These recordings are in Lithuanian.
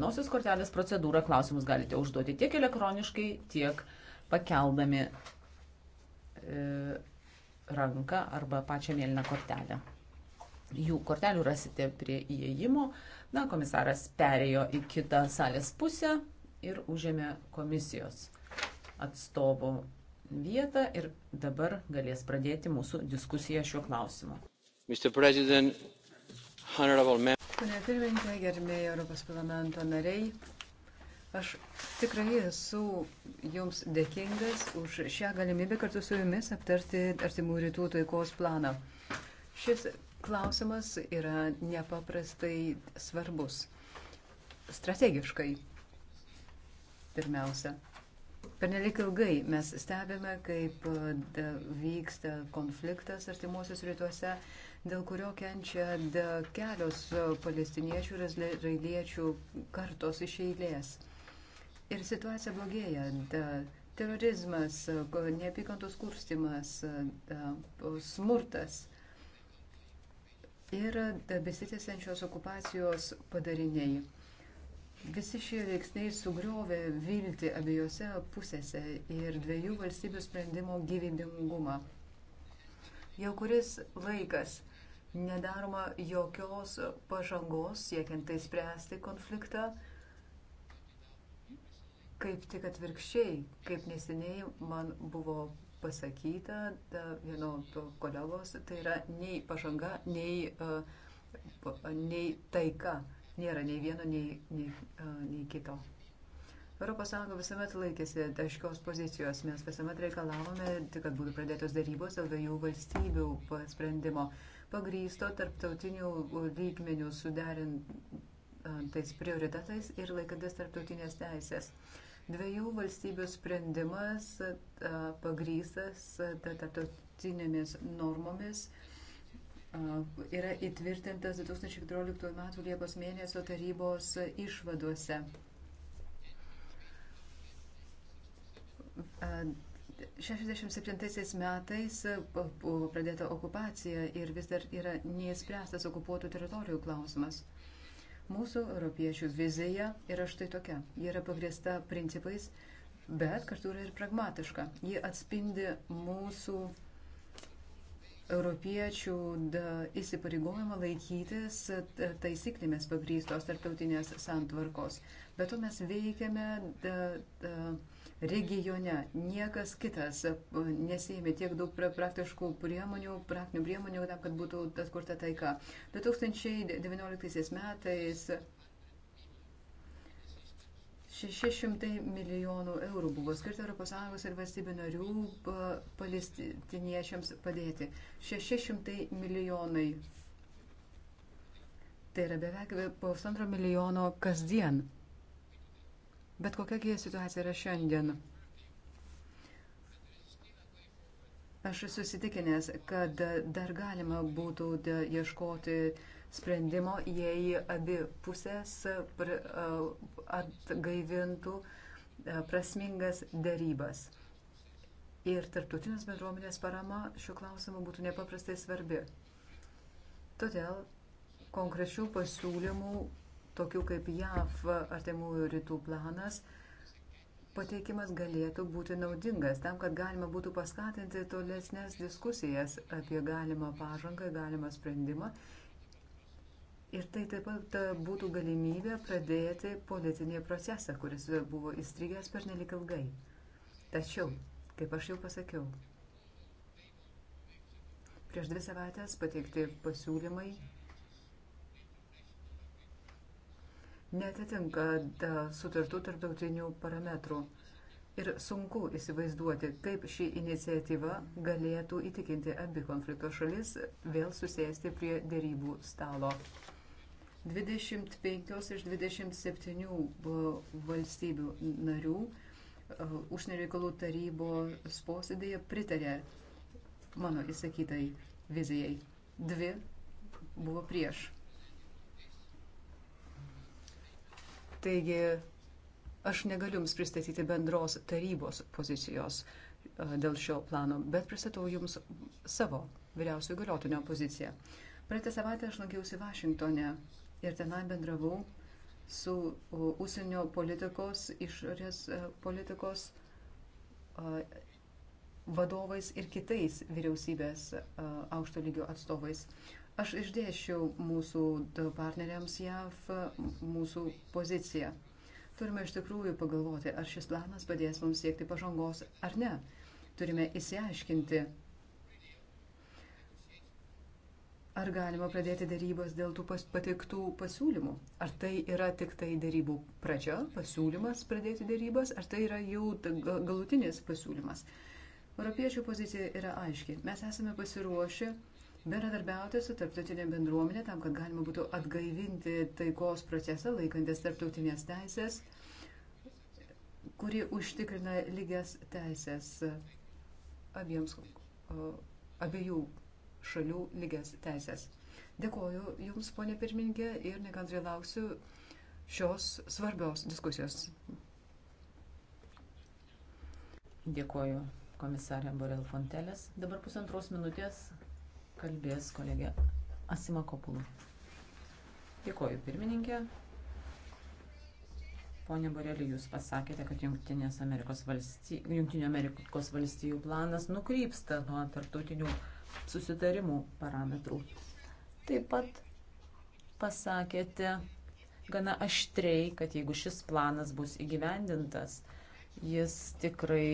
Nosios kortelės procedūrą klausimus galite užduoti tiek elektroniškai, tiek pakeldami e, ranką arba pačią mėlyną kortelę. Jų kortelių rasite prie įėjimo. Na, komisaras perėjo į kitą salės pusę ir užėmė komisijos atstovų vietą ir dabar galės pradėti mūsų diskusiją šiuo klausimu. Mr. President, honorable members. Pane pirmininkė, gerbėjai Europos parlamento nariai, aš tikrai esu jums dėkingas už šią galimybę kartu su jumis aptarti artimų rytų taikos planą. Šis klausimas yra nepaprastai svarbus. Strategiškai. Pirmiausia. Per nelik ilgai mes stebime, kaip vyksta konfliktas artimuosius rytuose dėl kurio kenčia kelios e, palestiniečių ir izraeliečių kartos iš eilės. Ir situacija blogėja. Da, terorizmas, e, neapykantos kurstimas, e, da, smurtas ir besitėsiančios okupacijos padariniai. Visi šie veiksniai sugriovė viltį abiejose pusėse ir dviejų valstybių sprendimo gyvybingumą. Jau kuris laikas nedaroma jokios pažangos siekiant tai spręsti konfliktą. Kaip tik atvirkščiai, kaip neseniai man buvo pasakyta da, vieno kolegos, tai yra nei pažanga, nei, uh, nei taika. Nėra nei vieno, nei, nei, uh, nei kito. ES visuomet laikėsi aiškios pozicijos, mes visuomet reikalavome, tai kad būtų pradėtos darybos dėl dviejų valstybių sprendimo, pagrysto tarptautinių lygmenių suderintais prioritetais ir laikantis tarptautinės teisės. Dviejų valstybių sprendimas pagrystas tarptautinėmis normomis yra įtvirtintas 2014 m. Liepos mėnesio tarybos išvadose. 67 metais buvo e, pradėta okupacija ir vis dar yra neįspręstas okupuotų teritorijų klausimas. Mūsų europiečių vizija yra štai tokia. Ji yra pagrįsta principais, bet kartu yra ir pragmatiška. Ji atspindi mūsų europiečių įsipareigojimą laikytis e, taisyklėmis pagrystos tarptautinės santvarkos. Bet to mes veikiame. Da, da, regione. Niekas kitas e, nesėmė tiek daug praktiškų priemonių, praktinių priemonių, tam, kad būtų atkurta taika. 2019 metais 600 milijonų eurų buvo skirta ES ir valstybių narių palestiniečiams padėti. 600 milijonai. Tai yra beveik pusantro milijono kasdien. Bet kokiagi situacija yra šiandien? Aš susitikinęs, kad dar galima būtų ieškoti sprendimo, jei abi pusės atgaivintų prasmingas darybas. Ir tarptautinės bendruomenės parama šiuo klausimu būtų nepaprastai svarbi. Todėl konkrečių pasiūlymų tokių kaip JAV artimųjų rytų planas, pateikimas galėtų būti naudingas tam, kad galima būtų paskatinti tolesnės diskusijas apie galimą pažangą, galimą sprendimą. Ir tai taip pat būtų galimybė pradėti politinį procesą, kuris buvo įstrigęs per nelik ilgai. Tačiau, kaip aš jau pasakiau, prieš dvi savaitės pateikti pasiūlymai netitinka sutartų tarptautinių parametrų. Ir sunku įsivaizduoti, kaip ši iniciatyva galėtų įtikinti abi konflikto šalis vėl susėsti prie dėrybų stalo. 25 iš 27 valstybių narių užsienio reikalų tarybos posėdėje pritarė mano įsakytai vizijai. Dvi buvo prieš. Taigi aš negaliu Jums pristatyti bendros tarybos pozicijos e, dėl šio plano, bet pristatau Jums savo vyriausiojo galiotinio poziciją. Praeitą savaitę aš lankiausi Vašingtone ir tenai bendravau su e, užsienio politikos, išorės e, politikos vadovais ir kitais vyriausybės aukšto lygio atstovais. Aš išdėšiau mūsų partneriams JAV mūsų poziciją. Turime iš tikrųjų pagalvoti, ar šis planas padės mums siekti pažangos ar ne. Turime įsiaiškinti, ar galima pradėti darybas dėl tų pateiktų pasiūlymų. Ar tai yra tik tai darybų pradžia, pasiūlymas pradėti darybas, ar tai yra jau galutinis pasiūlymas. Europiečių pozicija yra aiški. Mes esame pasiruošę bendradarbiauti su tarptautinė bendruomenė tam, kad galima būtų atgaivinti taikos procesą laikantis tarptautinės teisės, kuri užtikrina lygias teisės abiems, abiejų šalių lygias teisės. Dėkoju Jums, ponė pirmininkė, ir nekantriai lauksiu šios svarbios diskusijos. Dėkoju komisarė Borel Fontelės. Dabar pusantros minutės kalbės kolegė Asima Kopulų. Dėkoju, pirmininkė. Pone Borelį, jūs pasakėte, kad Junktinės Amerikos valstijų, Junktinio Amerikos valstijų planas nukrypsta nuo tarptautinių susitarimų parametrų. Taip pat pasakėte gana aštriai, kad jeigu šis planas bus įgyvendintas, jis tikrai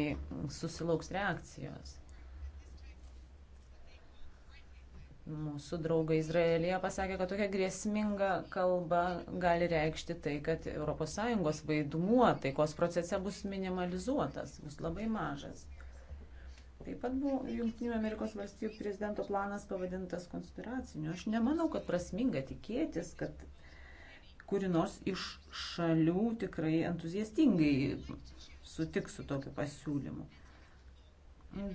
susilauks reakcijos. Mūsų draugai Izraelija pasakė, kad tokia grėsminga kalba gali reikšti tai, kad ES vaidmuo taikos procese bus minimalizuotas, bus labai mažas. Taip pat buvo Junktinių Amerikos valstybių prezidento planas pavadintas konspiraciniu. Aš nemanau, kad prasminga tikėtis, kad kuri nors iš šalių tikrai entuziastingai sutiks su tokiu pasiūlymu.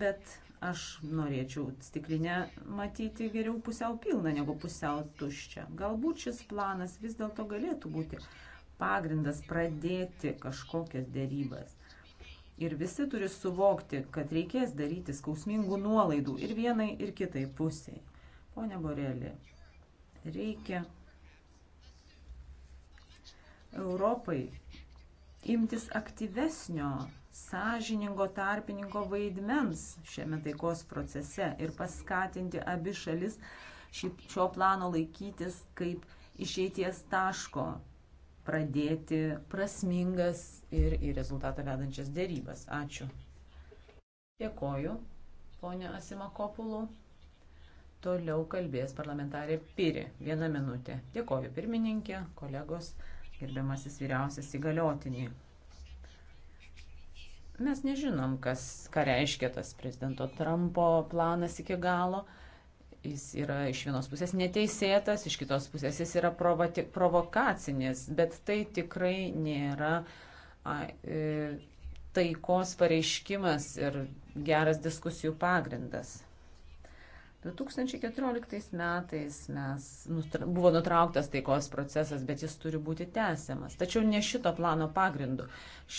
Bet Aš norėčiau stiklinę matyti geriau pusiau pilną negu pusiau tuščią. Galbūt šis planas vis dėlto galėtų būti pagrindas pradėti kažkokias dėrybas. Ir visi turi suvokti, kad reikės daryti skausmingų nuolaidų ir vienai, ir kitai pusiai. Pone Borelė, reikia Europai imtis aktyvesnio sąžiningo tarpininko vaidmens šiame taikos procese ir paskatinti abi šalis šio plano laikytis kaip išeities taško pradėti prasmingas ir į rezultatą vedančias dėrybas. Ačiū. Dėkoju, ponė Asimakopulų. Toliau kalbės parlamentarė Piri. Vieną minutę. Dėkoju pirmininkė, kolegos, gerbiamasis vyriausias įgaliotinį. Mes nežinom, kas, ką reiškia tas prezidento Trumpo planas iki galo. Jis yra iš vienos pusės neteisėtas, iš kitos pusės jis yra provati, provokacinis, bet tai tikrai nėra a, e, taikos pareiškimas ir geras diskusijų pagrindas. 2014 metais mes, nutra, buvo nutrauktas taikos procesas, bet jis turi būti tęsiamas. Tačiau ne šito plano pagrindu.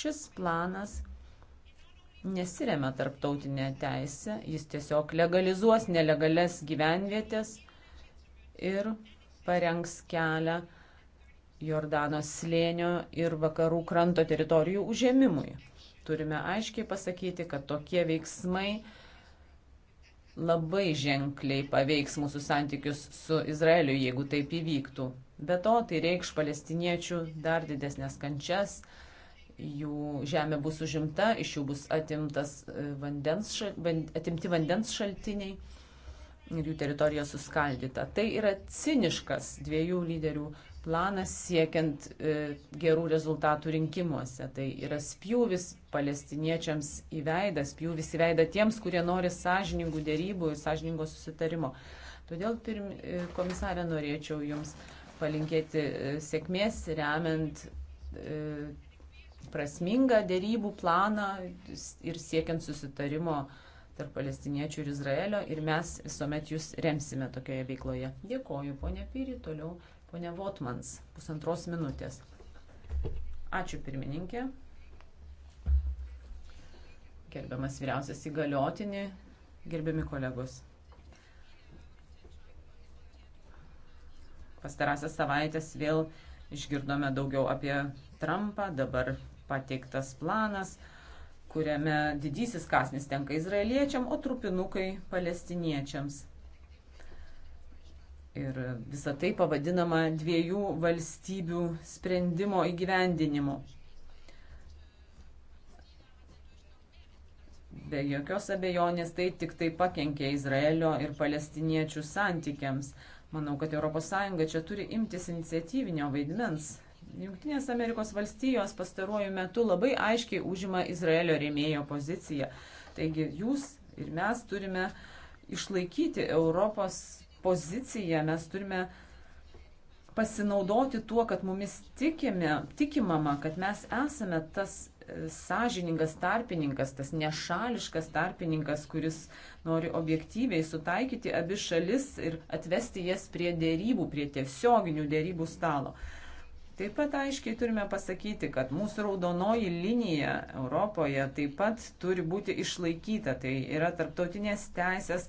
Šis planas nesiremia tarptautinė teisė, jis tiesiog legalizuos nelegales gyvenvietės ir parengs kelią Jordano slėnio ir vakarų kranto teritorijų užėmimui. Turime aiškiai pasakyti, kad tokie veiksmai labai ženkliai paveiks mūsų santykius su Izraeliu, jeigu taip įvyktų. Be to, tai reikš palestiniečių dar didesnės kančias, jų žemė bus užimta, iš jų bus e, vandens, atimti vandens šaltiniai ir jų teritorija suskaldyta. Tai yra ciniškas dviejų lyderių planas siekiant e, gerų rezultatų rinkimuose. Tai yra spjūvis palestiniečiams į veidą, spjūvis į veidą tiems, kurie nori sąžiningų dėrybų ir sąžiningo susitarimo. Todėl, pirm, e, komisarė, norėčiau Jums palinkėti e, sėkmės remiant e, prasmingą dėrybų planą ir siekiant susitarimo tarp palestiniečių ir Izraelio ir mes visuomet jūs remsime tokioje veikloje. Dėkoju, ponė Pyri, toliau ponė Votmans, pusantros minutės. Ačiū pirmininkė. Gerbiamas vyriausias įgaliotinį, gerbiami kolegos. Pastarąsias savaitės vėl išgirdome daugiau apie Trumpą, dabar pateiktas planas, kuriame didysis kasnis tenka izraeliečiam, o trupinukai palestiniečiams. Ir visa tai pavadinama dviejų valstybių sprendimo įgyvendinimu. Be jokios abejonės tai tik tai pakenkė Izraelio ir palestiniečių santykiams. Manau, kad ES čia turi imtis iniciatyvinio vaidmens Junktinės Amerikos valstijos pastaruoju metu labai aiškiai užima Izraelio rėmėjo poziciją. Taigi jūs ir mes turime išlaikyti Europos poziciją, mes turime pasinaudoti tuo, kad mumis tikime, tikimama, kad mes esame tas e, sąžiningas tarpininkas, tas nešališkas tarpininkas, kuris nori objektyviai sutaikyti abi šalis ir atvesti jas prie dėrybų, prie tiesioginių dėrybų stalo. Taip pat aiškiai turime pasakyti, kad mūsų raudonoji linija Europoje taip pat turi būti išlaikyta. Tai yra tarptautinės teisės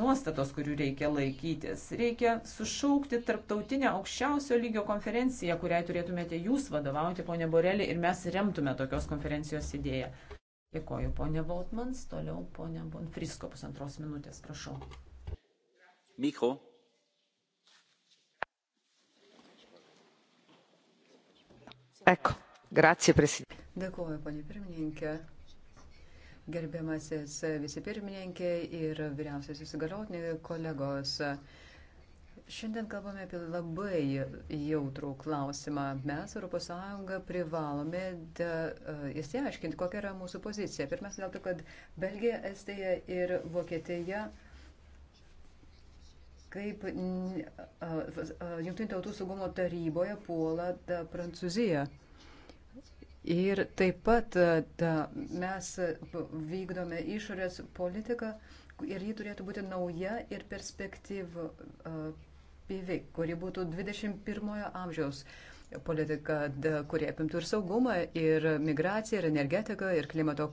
nuostatos, kurių reikia laikytis. Reikia sušaukti tarptautinę aukščiausio lygio konferenciją, kuriai turėtumėte jūs vadovauti, ponė Borelė, ir mes remtume tokios konferencijos idėją. Dėkoju, ponė Voltmans, toliau ponė Bonfrisko, pusantros minutės, prašau. Mikro. Eko. Grazie, prezidentė. Dėkuoju, ponė pirmininkė. Gerbiamasis vicepirmininkė ir vyriausiasis įgaliotinė kolegos. Šiandien kalbame apie labai jautrų klausimą. Mes, ES, privalome įsiaiškinti, e, kokia yra mūsų pozicija. Pirmiausia, dėl to, kad Belgija, Estija ir Vokietija kaip Junktinių tautų saugumo taryboje puola da, Prancūzija. Ir taip pat da, mes vykdome išorės politiką ir ji turėtų būti nauja ir perspektyvi, kuri būtų 21 amžiaus politiką, kurie apimtų ir saugumą, ir migraciją, ir energetiką, ir klimato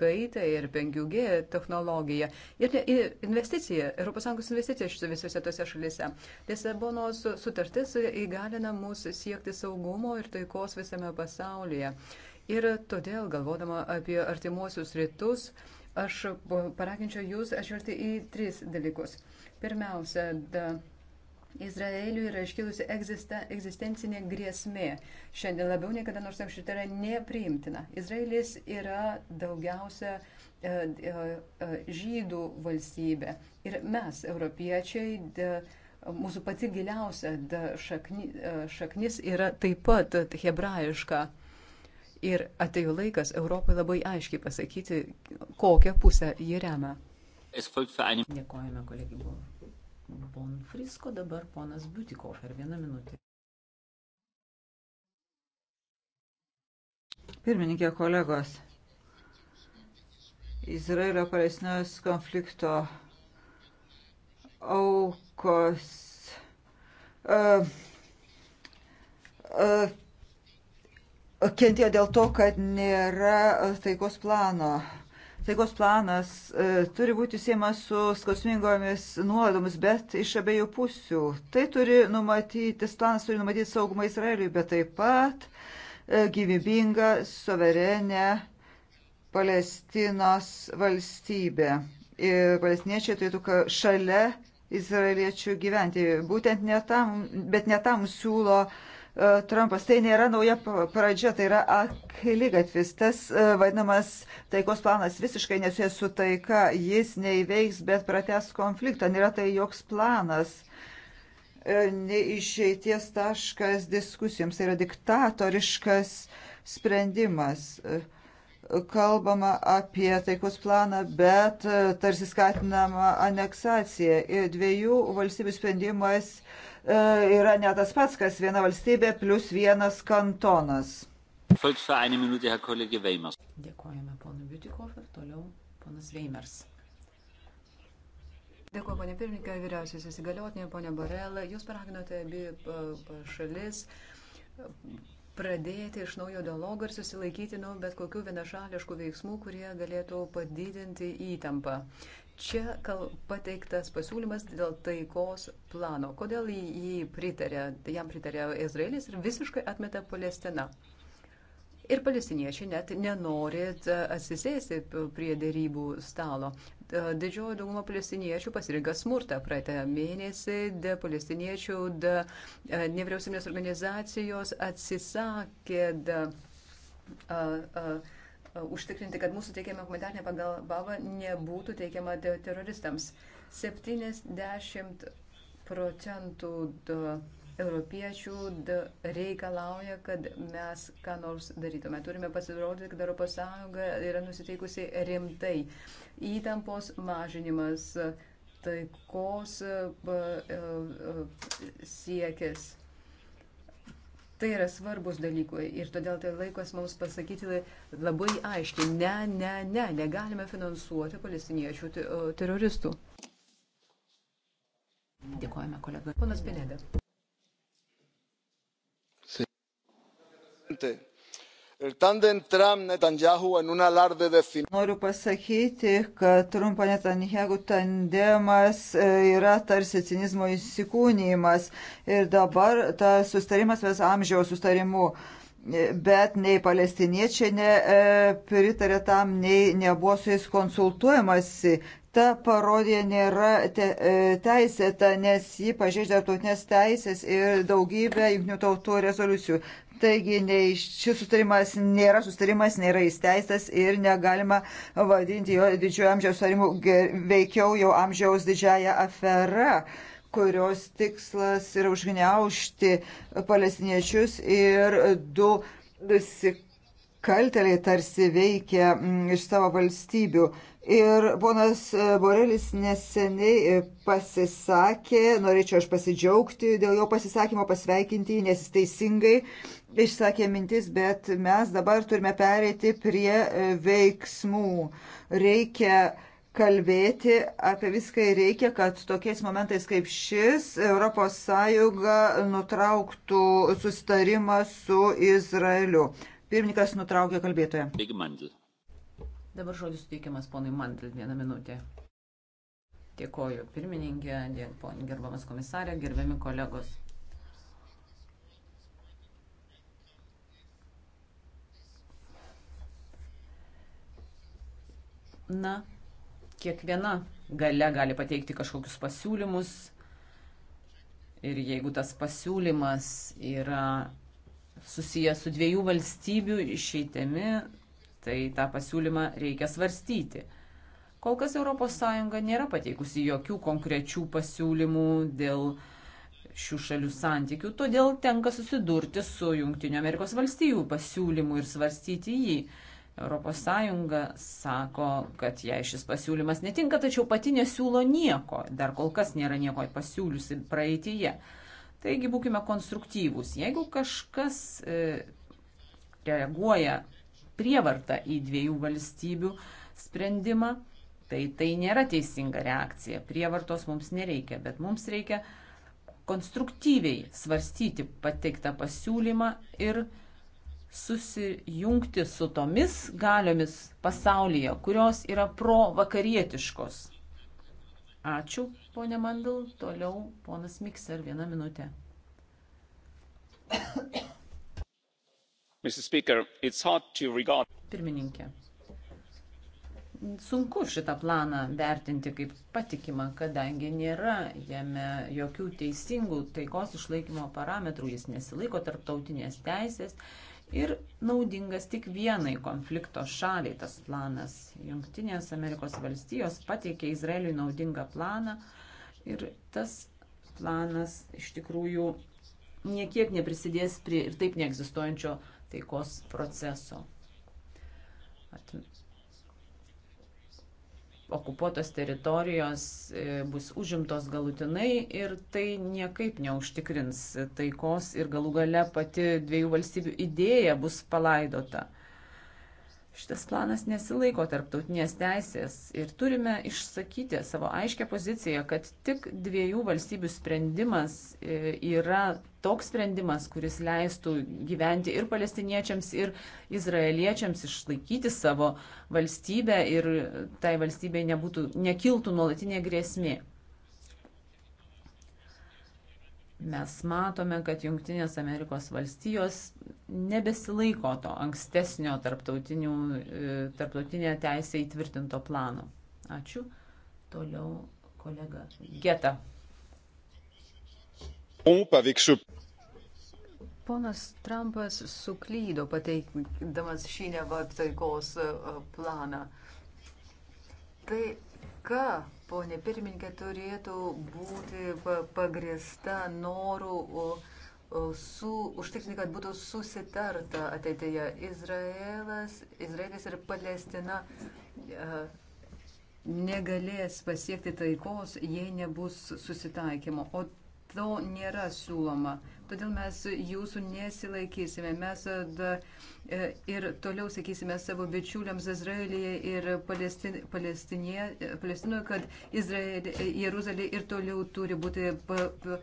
kaitą, ir 5G technologiją, ir, ir investiciją, ES investiciją visose tose šalise. Lisabonos sutartis įgalina mus siekti saugumo ir taikos visame pasaulyje. Ir todėl, galvodama apie artimuosius rytus, aš paraginčiau jūs atžvelgti į tris dalykus. Pirmiausia, da, Izraeliui yra iškilusi egzista, egzistencinė grėsmė. Šiandien labiau nei kada nors anksčiau tai yra nepriimtina. Izraelis yra daugiausia e, e, e, žydų valstybė. Ir mes, europiečiai, mūsų pati giliausia šakni, šaknis yra taip pat hebrajiška. Ir atėjo laikas Europai labai aiškiai pasakyti, kokią pusę jį remia. Dėkojame, kolegibu. Bonfrisko, dabar ponas Butikofer, vieną minutę. Pirmininkė kolegos, Izraelio-Palestinos konflikto aukos uh, uh, kentėjo dėl to, kad nėra taikos plano taikos planas e, turi būti siemas su skausmingomis nuodomis, bet iš abiejų pusių. Tai turi numatyti, planas turi numatyti saugumą Izraeliui, bet taip pat e, gyvybingą, suverenę Palestinos valstybę. Ir palestiniečiai turėtų šalia izraeliečių gyventi. Būtent ne tam, bet ne tam siūlo uh, E, Trumpas. Tai nėra nauja pradžia, tai yra aklygatvis. Tas e, vadinamas taikos planas visiškai nesusijęs su taika, jis neįveiks, bet prates konfliktą. Nėra tai joks planas, e, neišeities taškas diskusijoms. Tai yra diktatoriškas sprendimas. Kalbama apie taikos planą, bet tarsi skatinama aneksacija. Dviejų valstybių sprendimas uh, E, yra ne tas pats, kas viena valstybė plus vienas kantonas. Dėkojame ponui Biutikov ir toliau ponas Veimers. Dėkuoju, ponė pirmininkė, vyriausiasis įsigaliotinė, ponė Borelė. Jūs paraginote abi šalis pradėti iš naujo dialogą ir susilaikyti nuo bet kokių vienašališkų veiksmų, kurie galėtų padidinti įtampą. Čia kal, pateiktas pasiūlymas dėl taikos plano. Kodėl jį pritarė, jam pritarė Izraelis ir visiškai atmeta Palestina. Ir palestiniečiai net nenorit e, atsisėsti prie dėrybų stalo. Didžioji dauguma palestiniečių pasirinka smurtą. Praeitą mėnesį de palestiniečių de e, nevyriausybinės organizacijos atsisakė de, a, a, E, užtikrinti, kad mūsų teikiama humanitarinė pagalba nebūtų teikiama teroristams. 70 procentų europiečių reikalauja, kad mes ką nors darytume. Turime pasirodyti, kad Europos Sąjunga yra nusiteikusi rimtai. Įtampos mažinimas, taikos e, e, siekis. Tai yra svarbus dalykai ir todėl tai laikas mums pasakyti labai aiškiai, ne, ne, ne, negalime finansuoti palestiniečių teroristų. Dėkojame kolegai. Ponas Pinedė. Noriu pasakyti, kad Trumpo Netanjahu tandemas e, yra tarsi cinizmo įsikūnymas ir dabar tas sustarimas vis amžiaus sustarimu. E, bet nei palestiniečiai nepritarė e, tam, nei nebuvo su jais konsultuojamasi ta parodija nėra te, teisėta, nes ji pažeidžia tautinės teisės ir daugybę jungtinių tautų rezoliucijų. Taigi nei, šis sustarimas nėra sustarimas, nėra įsteistas ir negalima vadinti jo didžiojo amžiaus sustarimu, veikiau jau amžiaus didžiaja afera kurios tikslas yra užgniaušti palestiniečius ir du nusikalteliai tarsi veikia mm, iš savo valstybių. Ir ponas e, Borelis neseniai e, pasisakė, norėčiau aš pasidžiaugti dėl jo pasisakymo, pasveikinti jį, nes jis teisingai išsakė mintis, bet mes dabar turime pereiti prie e, veiksmų. Reikia kalbėti apie viską ir reikia, kad tokiais momentais kaip šis ES nutrauktų susitarimą su Izraeliu. Pirmininkas nutraukė kalbėtoją. Bigmandl. Dabar žodis suteikiamas ponui Mandl vieną minutę. Dėkoju pirmininkė, dėkoju gerbamas komisarė, gerbiami kolegos. Na, kiekviena gale gali pateikti kažkokius pasiūlymus ir jeigu tas pasiūlymas yra susijęs su dviejų valstybių išeitėmi, tai tą pasiūlymą reikia svarstyti. Kol kas ES nėra pateikusi jokių konkrečių pasiūlymų dėl šių šalių santykių, todėl tenka susidurti su JAV pasiūlymu ir svarstyti jį. ES sako, kad jai šis pasiūlymas netinka, tačiau pati nesiūlo nieko, dar kol kas nėra nieko pasiūliusi praeitįje. Taigi būkime konstruktyvūs. Jeigu kažkas e, reaguoja prievartą į dviejų valstybių sprendimą, tai tai nėra teisinga reakcija. Prievartos mums nereikia, bet mums reikia konstruktyviai svarstyti pateiktą pasiūlymą ir susijungti su tomis galiomis pasaulyje, kurios yra provakarietiškos. Ačiū, ponė Mandl. Toliau ponas Mikser, vieną minutę. Pirmininkė. Sunku šitą planą vertinti kaip patikimą, kadangi nėra jame jokių teisingų taikos išlaikymo parametrų, jis nesilaiko tarptautinės teisės ir naudingas tik vienai konflikto šaliai tas planas. Junktinės Amerikos valstijos pateikė Izraeliui naudingą planą ir tas planas iš tikrųjų niekiek neprisidės prie ir taip neegzistuojančio taikos proceso. At... Okupuotos teritorijos e, bus užimtos galutinai ir tai niekaip neužtikrins taikos ir galų gale pati dviejų valstybių idėja bus palaidota. Šitas planas nesilaiko tarptautinės teisės ir turime išsakyti savo aiškę poziciją, kad tik dviejų valstybių sprendimas e, yra toks sprendimas, kuris leistų gyventi ir palestiniečiams, ir izraeliečiams, išlaikyti savo valstybę ir tai valstybei nebūtų, nekiltų nuolatinė grėsmė. Mes matome, kad Junktinės Amerikos valstijos nebesilaiko to ankstesnio e, tarptautinė teisė įtvirtinto plano. Ačiū. Toliau kolega Geta. Ponas Trumpas suklydo pateikdamas šį nevataikos e, planą. Tai ką, ponė pirmininkė, turėtų būti pagrista norų su, užtikrinti, kad būtų susitarta ateityje Izraelas, Izraelis ir Palestina e, negalės pasiekti taikos, jei nebus susitaikymo. O to nėra siūloma. Todėl mes jūsų nesilaikysime. Mes da, e, ir toliau sakysime savo bičiuliams Izraelyje ir Palestin, Palestinoje, kad Izraelė, Jeruzalė ir toliau turi būti pa, pa,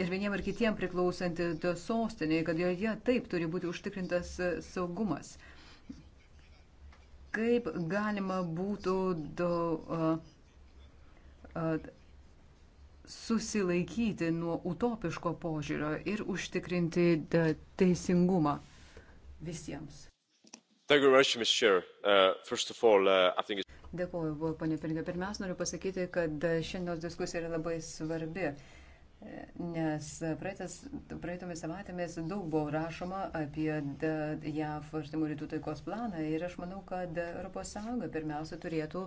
ir vieniem ir kitiem priklausanti sostinė, kad joje taip turi būti užtikrintas saugumas. Kaip galima būtų do, uh, uh, susilaikyti nuo utopiško požiūrio ir užtikrinti e, teisingumą visiems. Uh, uh, Dėkuoju, ponė Pirmininkė. Pirmiausia, noriu pasakyti, kad e, šiandienos diskusija yra labai svarbi, e, nes praeitas, praeitomis savaitėmis daug buvo rašoma apie JAV artimų rytų taikos planą ir aš manau, kad ES pirmiausia turėtų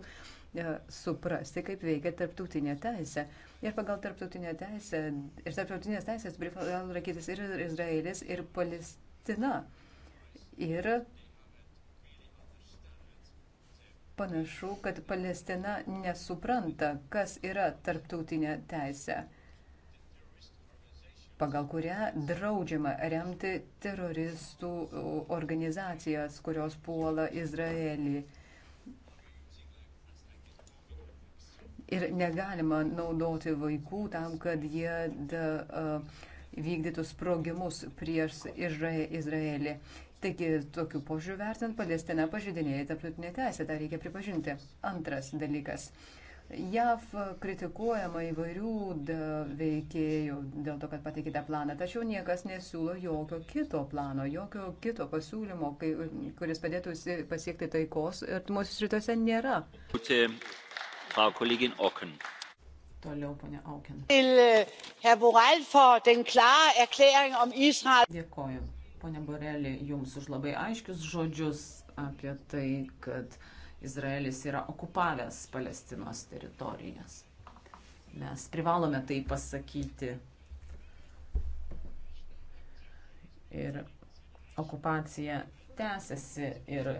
suprasti, kaip veikia tarptautinė teisė. Ir pagal tarptautinę teisę ir tarptautinės teisės privalo rakytis ir Izraelis, ir Palestina. Ir panašu, kad Palestina nesupranta, kas yra tarptautinė teisė, pagal kurią draudžiama remti teroristų organizacijas, kurios puola Izraelį. ir negalima naudoti vaikų tam, kad jie da, uh, vykdytų sprogimus prieš Izraelį. Taigi, tokiu požiūriu vertinant, Palestina pažydinėja tarptautinę teisę, tą reikia pripažinti. Antras dalykas. JAV kritikuojama įvairių veikėjų dėl to, kad pateikite planą, tačiau niekas nesiūlo jokio kito plano, jokio kito pasiūlymo, kai, kuris padėtų pasiekti taikos ir mūsų rytuose nėra. Frau Kollegin Ocken. Toliau, ponia Auken. Eh, Dėkoju, ponia Borelė, jums už labai aiškius žodžius apie tai, kad Izraelis yra okupavęs Palestinos teritorijas. Mes privalome tai pasakyti. Ir okupacija tęsiasi ir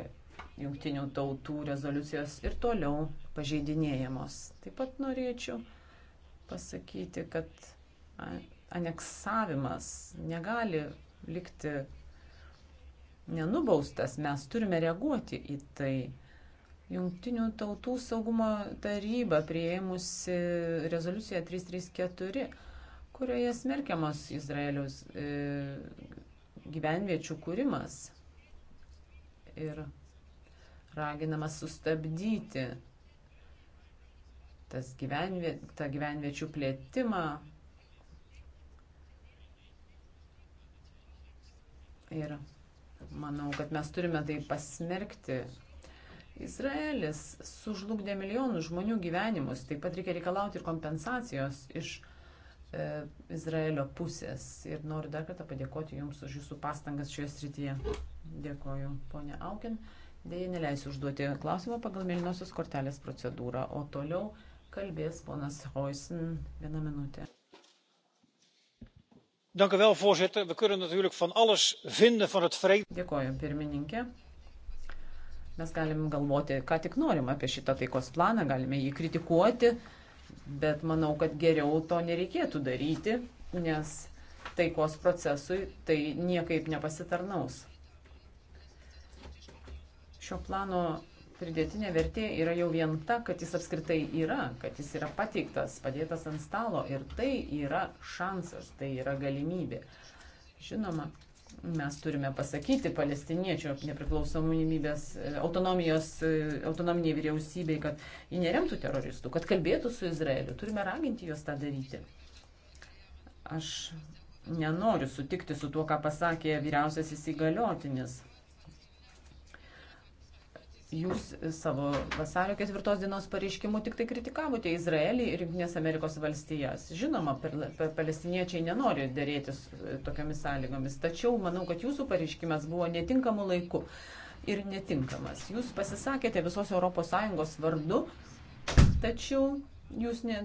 jungtinių tautų rezoliucijos ir toliau pažeidinėjamos. Taip pat norėčiau pasakyti, kad aneksavimas negali likti nenubaustas, mes turime reaguoti į tai. Jungtinių tautų saugumo taryba prieimusi rezoliuciją 334, kurioje smerkiamas Izraelius e, gyvenviečių kūrimas ir raginama sustabdyti tas gyvenvie, tą gyvenviečių plėtimą. Ir manau, kad mes turime tai pasmerkti. Izraelis sužlugdė milijonų žmonių gyvenimus, taip pat reikia reikalauti ir kompensacijos iš e, Izraelio pusės. Ir noriu dar kartą padėkoti Jums už Jūsų pastangas šioje srityje. Dėkoju, ponė Aukin. Deja, neleisiu užduoti klausimą pagal mėlynosios kortelės procedūrą, o toliau kalbės ponas Hoisin vieną minutę. Dank u wel, voorzitter. We kunnen natuurlijk van alles vinden van het vreemde. Dėkoju, pirmininkė. Mes galim galvoti, ką tik norim apie šitą taikos planą, galime jį kritikuoti, bet manau, kad geriau to nereikėtų daryti, nes taikos procesui tai niekaip nepasitarnaus. Šio plano pridėtinė vertė yra jau vien ta, kad jis apskritai yra, kad jis yra pateiktas, padėtas ant stalo ir tai yra šansas, tai yra galimybė. Žinoma, mes turime pasakyti palestiniečių nepriklausomybės, e, autonomijos, e, autonominiai vyriausybei, kad ji neremtų teroristų, kad kalbėtų su Izraeliu. Turime raginti juos tą daryti. Aš nenoriu sutikti su tuo, ką pasakė vyriausiasis įgaliotinis Jūs savo vasario ketvirtos dienos pareiškimu tik tai kritikavote Izraelį ir Junktinės Amerikos valstijas. Žinoma, palestiniečiai nenori dėrėtis e, tokiamis sąlygomis, tačiau manau, kad jūsų pareiškimas buvo netinkamu laiku ir netinkamas. Jūs pasisakėte visos ES vardu, tačiau jūs ne,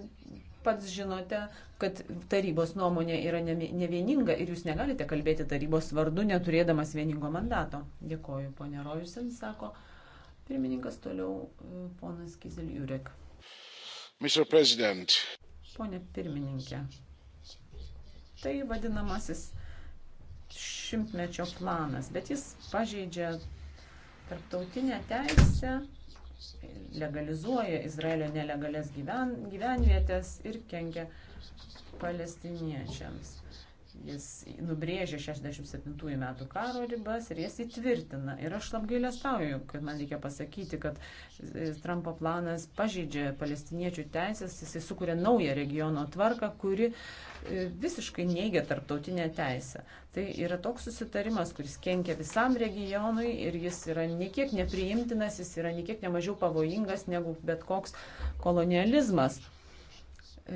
pats žinote, kad tarybos nuomonė yra nevieninga ir jūs negalite kalbėti tarybos vardu, neturėdamas vieningo mandato. Dėkoju, ponė Rojusin, sako. Pirmininkas toliau e, ponas Kizil Jurek. Mr. President. Pone pirmininkė. Tai vadinamasis šimtmečio planas, bet jis pažeidžia tarptautinę teisę, legalizuoja Izraelio nelegalias gyven, gyvenvietės ir kenkia palestiniečiams. Jis nubrėžė 67 metų karo ribas ir jas įtvirtina. Ir aš labai gailestauju, kad man reikia pasakyti, kad e, Trumpo planas pažydžia palestiniečių teisės, jis sukuria naują regiono tvarką, kuri e, visiškai neigia tarptautinę teisę. Tai yra toks susitarimas, kuris kenkia visam regionui ir jis yra niekiek nepriimtinas, jis yra niekiek nemažiau pavojingas negu bet koks kolonializmas.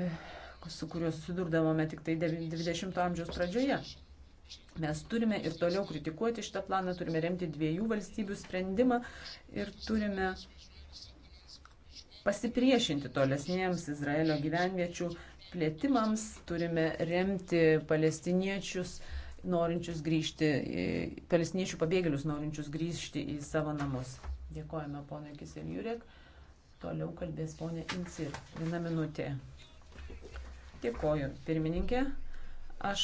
E su kuriuo sudurdavome tik tai 20-ojo amžiaus pradžioje. Mes turime ir toliau kritikuoti šitą planą, turime remti dviejų valstybių sprendimą ir turime pasipriešinti tolesniems Izraelio gyvenviečių plėtimams, turime remti palestiniečius, norinčius grįžti, palestiniečių pabėgėlius norinčius grįžti į savo namus. Dėkojame ponui Kiseliurek. Toliau kalbės ponė Incir. Viena minutė. Dėkoju, pirmininkė. Aš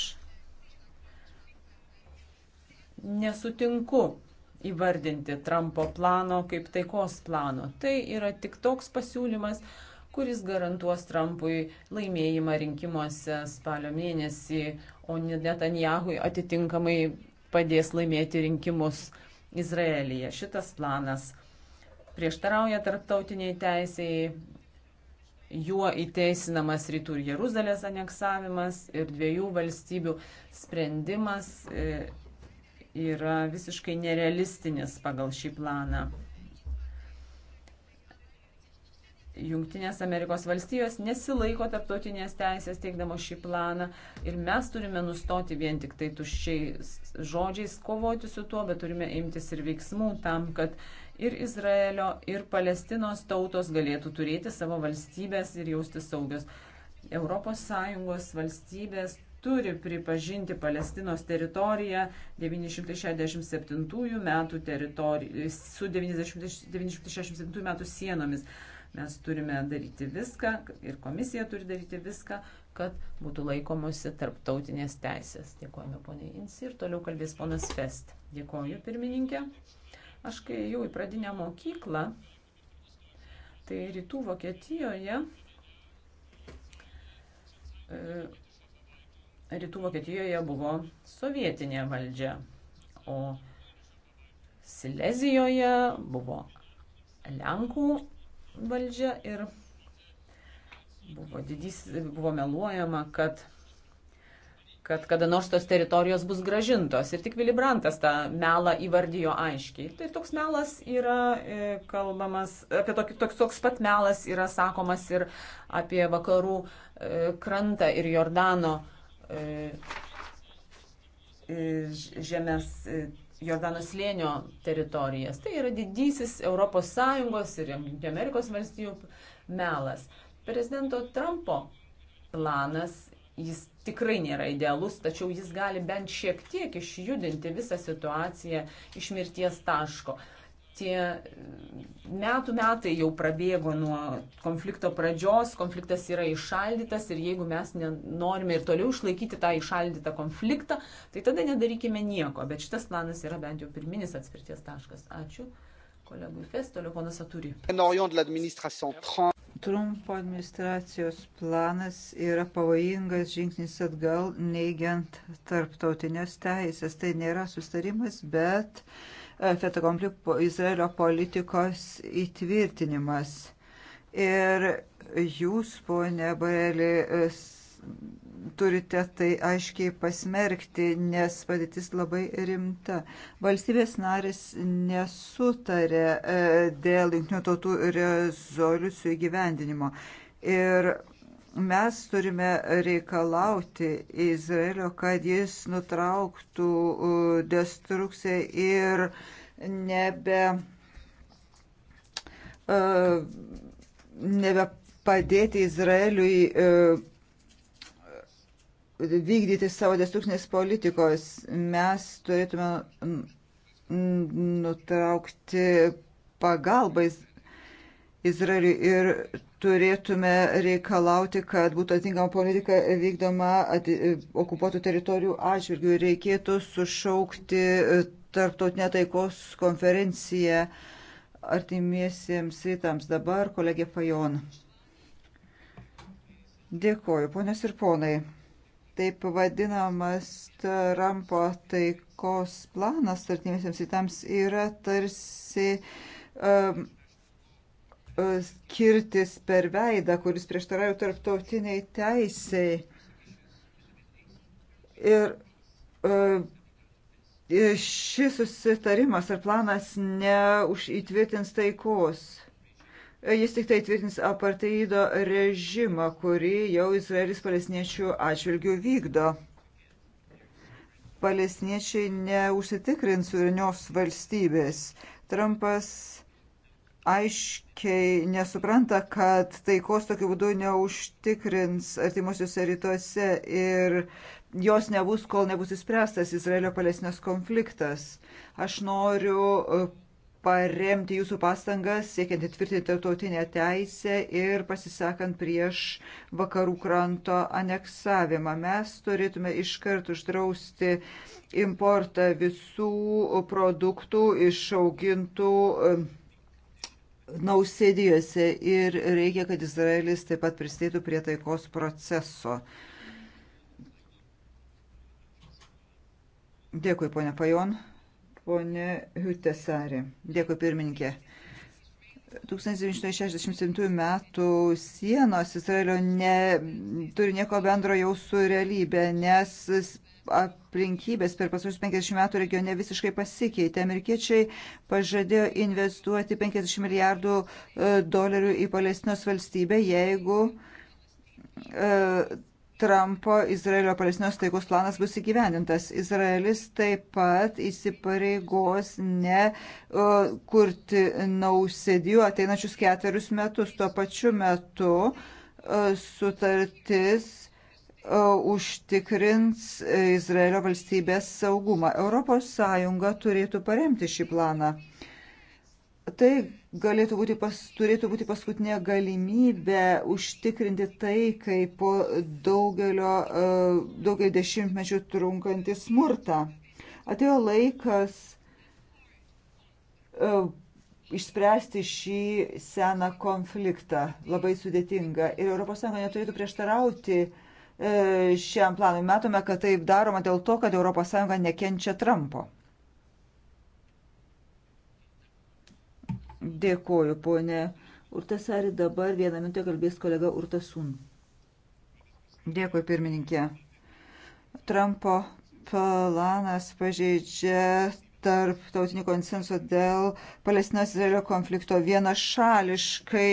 nesutinku įvardinti Trumpo plano kaip taikos plano. Tai yra tik toks pasiūlymas, kuris garantuos Trumpui laimėjimą rinkimuose spalio mėnesį, o Netanjahui atitinkamai padės laimėti rinkimus Izraelyje. Šitas planas prieštarauja tarptautiniai teisėjai, juo įteisinamas rytų ir Jeruzalės aneksavimas ir dviejų valstybių sprendimas e, yra visiškai nerealistinis pagal šį planą. Junktinės Amerikos valstijos nesilaiko tarptautinės teisės teikdamo šį planą ir mes turime nustoti vien tik tai tuščiais žodžiais kovoti su tuo, bet turime imtis ir veiksmų tam, kad uh, ir Izraelio, ir Palestinos tautos galėtų turėti savo valstybės ir jaustis saugios. ES valstybės turi pripažinti Palestinos teritoriją 967 metų teritoriją, su 967 metų sienomis. Mes turime daryti viską ir komisija turi daryti viską, kad būtų laikomusi tarptautinės teisės. Dėkojame poniai Insi ir toliau kalbės ponas Fest. Dėkoju pirmininkė. Aš kai jau į pradinę mokyklą, tai rytų Vokietijoje, e, rytų Vokietijoje buvo sovietinė valdžia, o Silezijoje buvo Lenkų valdžia ir buvo, didys, buvo meluojama, kad kad kada nors tos teritorijos bus gražintos. Ir tik Vilibrantas tą melą įvardijo aiškiai. Tai toks melas yra e, kalbamas, e, apie tokį, toks, toks pat melas yra sakomas ir apie vakarų e, krantą ir Jordano žemės, Jordano slėnio teritorijas. Tai yra didysis ES ir Amerikos valstybių melas. Prezidento Trumpo planas jis tikrai nėra idealus, tačiau jis gali bent šiek tiek išjudinti visą situaciją iš mirties taško. Tie mm, metų metai jau prabėgo nuo konflikto pradžios, konfliktas yra išaldytas ir jeigu mes norime ir toliau išlaikyti tą išaldytą konfliktą, tai tada nedarykime nieko, bet šitas planas yra bent jau pirminis atspirties taškas. Ačiū kolegui Fes, toliau ponas Aturi. Trumpo administracijos planas yra pavojingas žingsnis atgal, neigiant tarptautinės teisės. Tai nėra sustarimas, bet e, fetakompli Izraelio politikos įtvirtinimas. Ir jūs, ponė Bareli, turite tai aiškiai pasmerkti, nes padėtis labai rimta. Valstybės narės nesutarė e, dėl jungtinių tautų rezoliucijų įgyvendinimo. Ir mes turime reikalauti Izraelio, kad jis nutrauktų e, destrukciją ir nebe. Uh, nebe padėti Izraeliui uh, vykdyti savo destrukcinės politikos. Mes turėtume nutraukti pagalbą Izraeliui ir turėtume reikalauti, kad būtų atitinkama politika vykdoma ati, okupuotų teritorijų atžvilgių. Reikėtų sušaukti e, tarptautinę taikos konferenciją artimiesiems rytams. Dabar kolegė Fajon. Dėkoju, ponios ir ponai taip vadinamas Trumpo taikos planas artimiesiams rytams yra tarsi um, uh, kirtis per veidą, kuris prieštarauja tarptautiniai teisei. Ir um, šis susitarimas ar planas neužįtvirtins taikos. Jis tik tai tvirtins aparteido režimą, kurį jau Izraelis palestiniečių atžvilgių vykdo. Palestiniečiai neužsitikrins suverenios valstybės. Trumpas aiškiai nesupranta, kad taikos tokiu būdu neužtikrins artimuosiuose rytuose ir jos nebus, kol nebus įspręstas Izraelio-Palestinos konfliktas. Aš noriu paremti jūsų pastangas, siekiant įtvirtinti tarptautinę teisę ir pasisakant prieš vakarų kranto aneksavimą. Mes turėtume iškart uždrausti importą visų produktų išaugintų nausėdijose ir reikia, kad Izraelis taip pat pristėtų prie taikos proceso. Dėkui, ponia Pajon ponė Hutesari. Dėkui pirmininkė. 1967 metų sienos Izraelio ne, turi nieko bendro jau su realybė, nes aplinkybės per pasaulius 50 metų regione visiškai pasikeitė. Amerikiečiai pažadėjo investuoti 50 milijardų e, dolerių į Palestinos valstybę, jeigu uh, Trumpo Izraelio-Palestinos taikos planas bus įgyvendintas. Izraelis taip pat įsipareigos ne uh, kurti nausėdijų ateinačius ketverius metus. Tuo pačiu metu uh, sutartis uh, užtikrins Izraelio valstybės saugumą. ES turėtų paremti šį planą. Tai galėtų būti pas, turėtų būti paskutinė galimybė užtikrinti tai, kaip po daugelio, e, daugelio dešimtmečių trunkantį smurtą. Atėjo laikas e, išspręsti šį seną konfliktą, labai sudėtingą. Ir ES neturėtų prieštarauti e, šiam planui. Matome, kad taip daroma dėl to, kad ES nekenčia Trumpo. Dėkoju, ponė Urtasari. Dabar vieną minutę kalbės kolega Urtasun. Dėkui, pirmininkė. Trumpo planas pažeidžia tarptautinį konsenso dėl Palestinos-Izraelio konflikto vienašališkai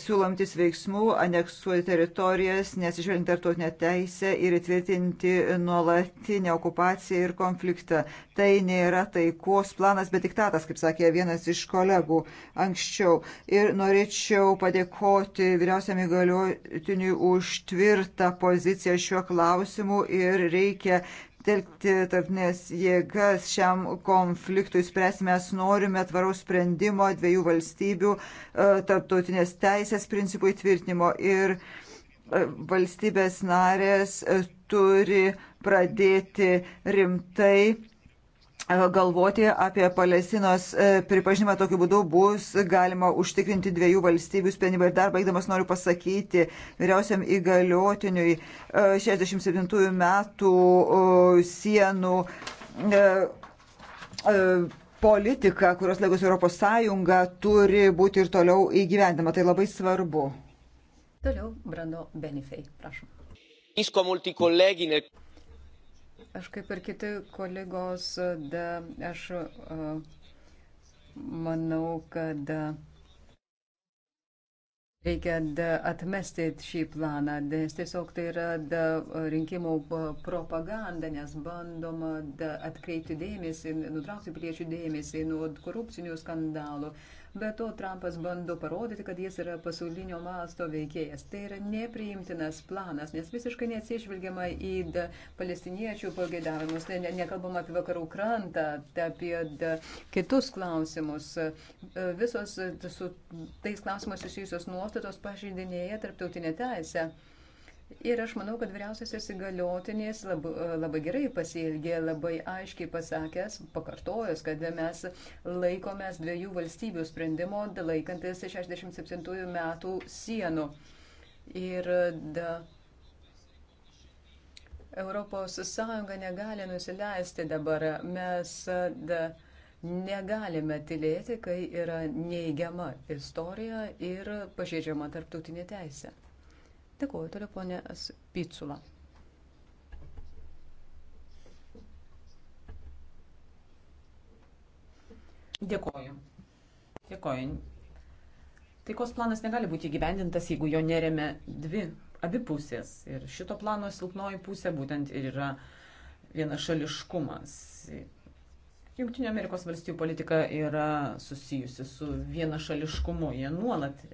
siūlomtis veiksmų, aneksuoti teritorijas, nesižvelgiant tarptautinę teisę ir įtvirtinti nuolatinę okupaciją ir konfliktą. Tai nėra taikos planas, bet diktatas, kaip sakė vienas iš kolegų anksčiau. Ir norėčiau padėkoti vyriausiam įgaliotiniui už tvirtą poziciją šiuo klausimu ir reikia telkti tarpnės jėgas šiam konfliktui spręsime, mes norime tvaraus sprendimo dviejų valstybių, e, tarptautinės teisės principų įtvirtinimo ir e, valstybės narės e, turi pradėti rimtai E, galvoti apie Palestinos e, pripažinimą tokiu būdu bus galima užtikrinti dviejų valstybių sprendimą. Ir dar baigdamas noriu pasakyti vyriausiam įgaliotiniui 67 e, metų sienų politika, kurios laikosi Europos Sąjunga, turi būti ir toliau įgyvendama. Tai labai svarbu. Toliau Brando Benifei, prašom. Aš kaip ir kiti kolegos, da, aš manau, kad reikia da, atmesti šį planą, nes tiesiog tai yra da, rinkimų propaganda, nes bandoma da, atkreipti dėmesį, nutraukti piliečių dėmesį nuo korupcinių skandalų. Uh, Be to, Trumpas bando parodyti, kad jis yra pasaulinio masto veikėjas. Tai yra nepriimtinas planas, nes visiškai neatsižvelgiama į palestiniečių pagėdavimus. Ne, ne, nekalbam apie vakarų krantą, apie da, kitus klausimus. E, visos su tais klausimais susijusios nuostatos pažeidinėja tarptautinė teisė. Ir aš manau, kad vyriausiasis įgaliotinės lab, labai gerai pasielgė, labai aiškiai pasakęs, pakartojus, kad mes laikomės dviejų valstybių sprendimo, laikantis 67 metų sienų. Ir da, Europos Sąjunga negali nusileisti dabar. Mes da, negalime tylėti, kai yra neigiama istorija ir pažeidžiama tarptautinė teisė. Dėkuoju, toliau ponė Picula. Dėkuoju. Dėkuoju. Taikos planas negali būti įgyvendintas, jeigu jo neremia dvi abi pusės. Ir šito plano silpnoji pusė būtent ir yra vienašališkumas. Junktinio Amerikos valstybių politika yra susijusi su vienašališkumu. Jie nuolat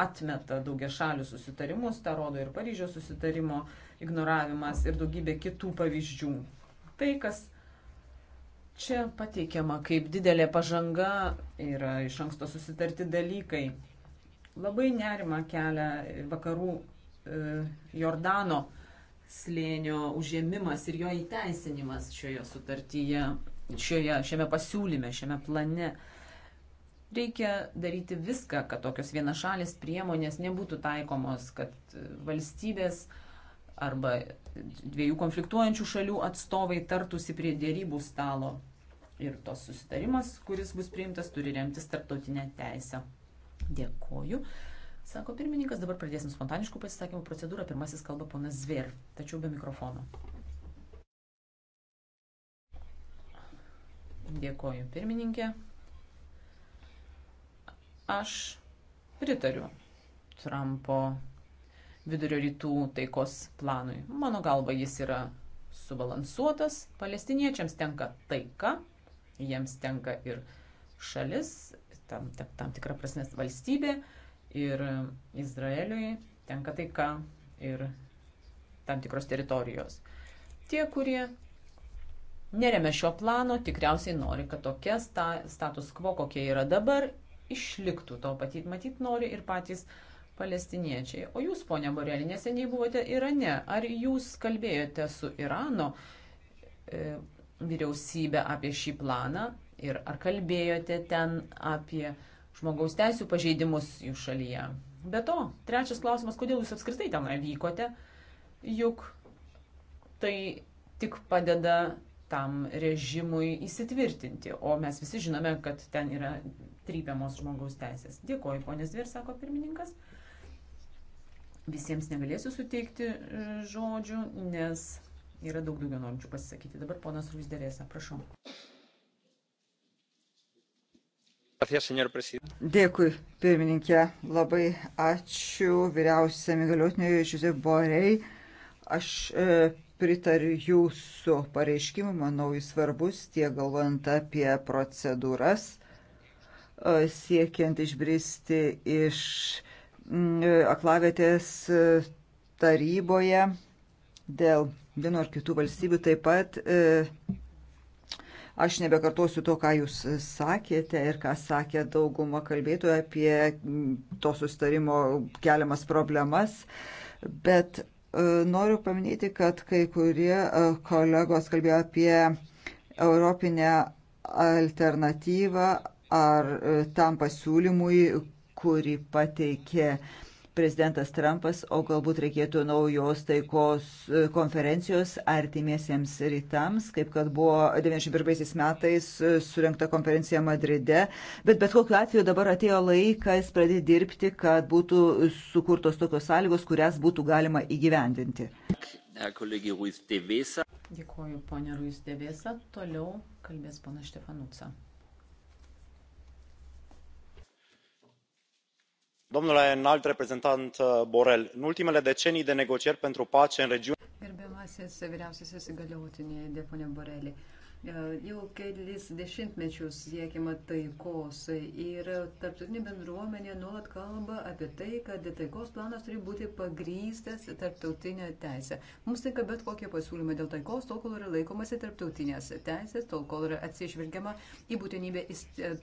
atmeta daugia šalių susitarimus, tą rodo ir Paryžiaus susitarimo ignoravimas ir daugybė kitų pavyzdžių. Tai, kas čia pateikiama kaip didelė pažanga, yra iš anksto susitarti dalykai. Labai nerima kelia vakarų e, Jordano slėnio užėmimas ir jo įteisinimas šioje sutartyje, šioje, šiame pasiūlyme, šiame plane. E, Reikia daryti viską, kad tokios vienašalės priemonės nebūtų taikomos, kad e, valstybės arba dviejų konfliktuojančių šalių atstovai tartusi prie dėrybų stalo. Ir tos susitarimas, kuris bus priimtas, turi remtis tarptautinę teisę. Dėkoju. Sako pirmininkas, dabar pradėsim spontaniškų pasisakymų procedūrą. Pirmasis kalba ponas Zver, tačiau be mikrofono. Dėkoju pirmininkė. Aš pritariu Trumpo vidurio rytų taikos planui. Mano galva, jis yra subalansuotas. Palestiniečiams tenka taika, jiems tenka ir šalis, tam, tam tikra prasme valstybė, ir Izraeliui tenka taika ir tam tikros teritorijos. Tie, kurie neremia šio plano, tikriausiai nori, kad tokia status quo, kokia yra dabar, išliktų. To patyt matyt nori ir patys palestiniečiai. O jūs, ponia Borelė, neseniai buvote Irane. Ar jūs kalbėjote su Irano e, vyriausybė apie šį planą ir ar kalbėjote ten apie žmogaus teisų pažeidimus jų šalyje? Be to, trečias klausimas, kodėl jūs apskritai ten vykote? Juk tai tik padeda tam režimui įsitvirtinti, o mes visi žinome, kad ten yra trypiamos žmogaus teisės. Dėkoju, ponės Dvir, sako pirmininkas. Visiems negalėsiu suteikti e, žodžių, nes yra daug daugiau norinčių pasisakyti. Dabar ponas Rūsdėlėsa, prašau. Dėkui, pirmininkė. Labai ačiū vyriausiam įgaliotiniui Žiūzė Borei. Aš e, pritariu jūsų pareiškimui, manau, jis svarbus tiek galvojant apie procedūras E, siekiant išbristi iš mm, e, aklavėtės e, taryboje dėl vieno ar kitų valstybių. Taip pat aš nebekartosiu to, ką jūs sakėte ir ką sakė dauguma kalbėtojų apie mm, to sustarimo keliamas problemas, bet noriu paminėti, kad kai kurie kolegos kalbėjo apie europinę alternatyvą ar e, tam pasiūlymui, kurį pateikė prezidentas Trumpas, o galbūt reikėtų naujos taikos e, konferencijos artimiesiems rytams, kaip kad buvo 91 metais e, surinkta konferencija Madride. Bet bet kokiu atveju dabar atėjo laikas pradėti dirbti, kad būtų sukurtos tokios sąlygos, kurias būtų galima įgyvendinti. Dėkuoju, ponė Ruiz Devėsa. Toliau kalbės pana Štefanuca. domnule înalt reprezentant uh, borrell în ultimele decenii de negocieri pentru pace în regiune. gerbiamasis vyriausiasis įgaliotini pone boreli uh, jau kelis dešimtmečius siekiama taikos ir tarptautinė bendruomenė nuolat kalba apie tai kad taikos planas turi būti pagrystas tarptautinė teisė. Mums tinka bet kokie pasiūlymai dėl taikos, tol kol yra laikomasi tarptautinės teisės, tol kol yra atsižvelgiama į būtinybę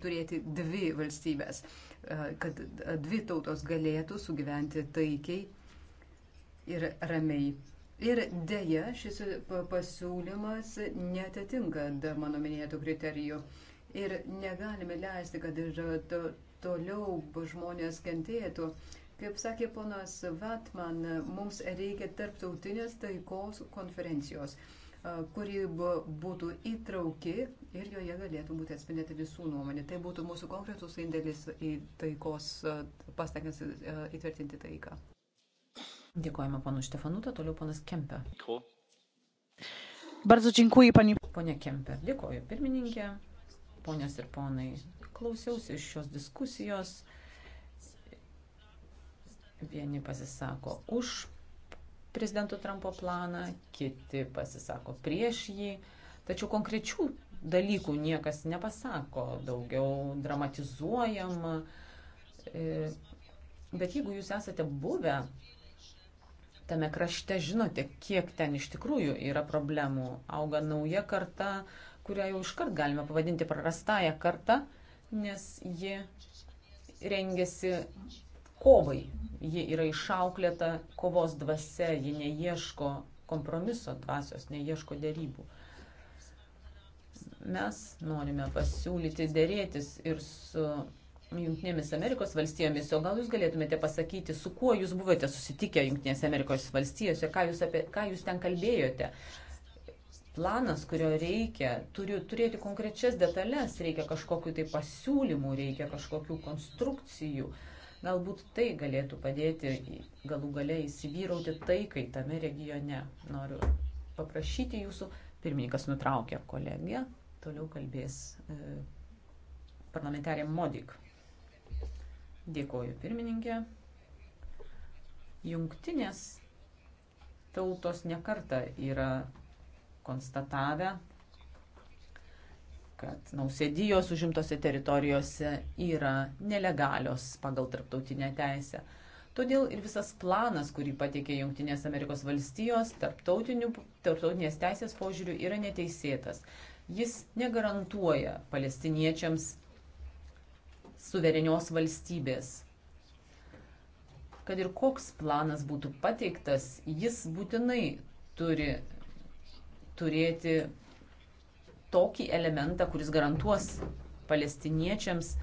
turėti dvi valstybės. E, kad dvi tautos galėtų sugyventi taikiai ir ramiai. Ir dėja, šis pasiūlymas netitinka mano minėtų kriterijų. Ir negalime leisti, kad ir to, toliau žmonės kentėtų. Kaip sakė ponas Vatman, mums reikia tarptautinės taikos konferencijos kuri būtų įtrauki ir joje galėtų būti atspindėti visų nuomonė. Tai būtų mūsų konkretus indėlis į taikos pastangas įtvirtinti taiką. Dėkojame panu Štefanuto, toliau panas Kempe. Bardzo dziękuję pani. Pone Kempe, dėkoju pirmininkė, ponios ir ponai. Klausiausi šios diskusijos. Vieni pasisako už prezidento Trumpo planą, kiti pasisako prieš jį, tačiau konkrečių dalykų niekas nepasako, daugiau dramatizuojama. E, bet jeigu jūs esate buvę tame krašte, žinote, kiek ten iš tikrųjų yra problemų. Auga nauja karta, kurią jau iškart galime pavadinti prarastąją kartą, nes ji rengiasi kovai ji yra išauklėta kovos dvasia, ji neieško kompromiso dvasios, neieško dėrybų. Mes norime pasiūlyti dėrėtis ir su Junktinėmis Amerikos valstijomis, o gal jūs galėtumėte pasakyti, su kuo jūs buvote susitikę Junktinės Amerikos valstijose, ką jūs, apie, ką jūs ten kalbėjote. Planas, kurio reikia, turi turėti konkrečias detalės, reikia kažkokiu tai pasiūlymų, reikia kažkokių konstrukcijų. Uh, Galbūt tai galėtų padėti galų gale įsivyrauti taikai tame regione. Noriu paprašyti jūsų, pirmininkas nutraukė kolegiją, toliau kalbės e, parlamentarė Modik. Dėkoju pirmininkė. Jungtinės tautos nekarta yra konstatavę, kad nausėdijos užimtose teritorijose yra nelegalios pagal tarptautinę teisę. Todėl ir visas planas, kurį pateikė Junktinės Amerikos valstijos, tarptautinės teisės požiūrių yra neteisėtas. Jis negarantuoja palestiniečiams suverenios valstybės. Kad ir koks planas būtų pateiktas, jis būtinai turi turėti tokį elementą, kuris garantuos palestiniečiams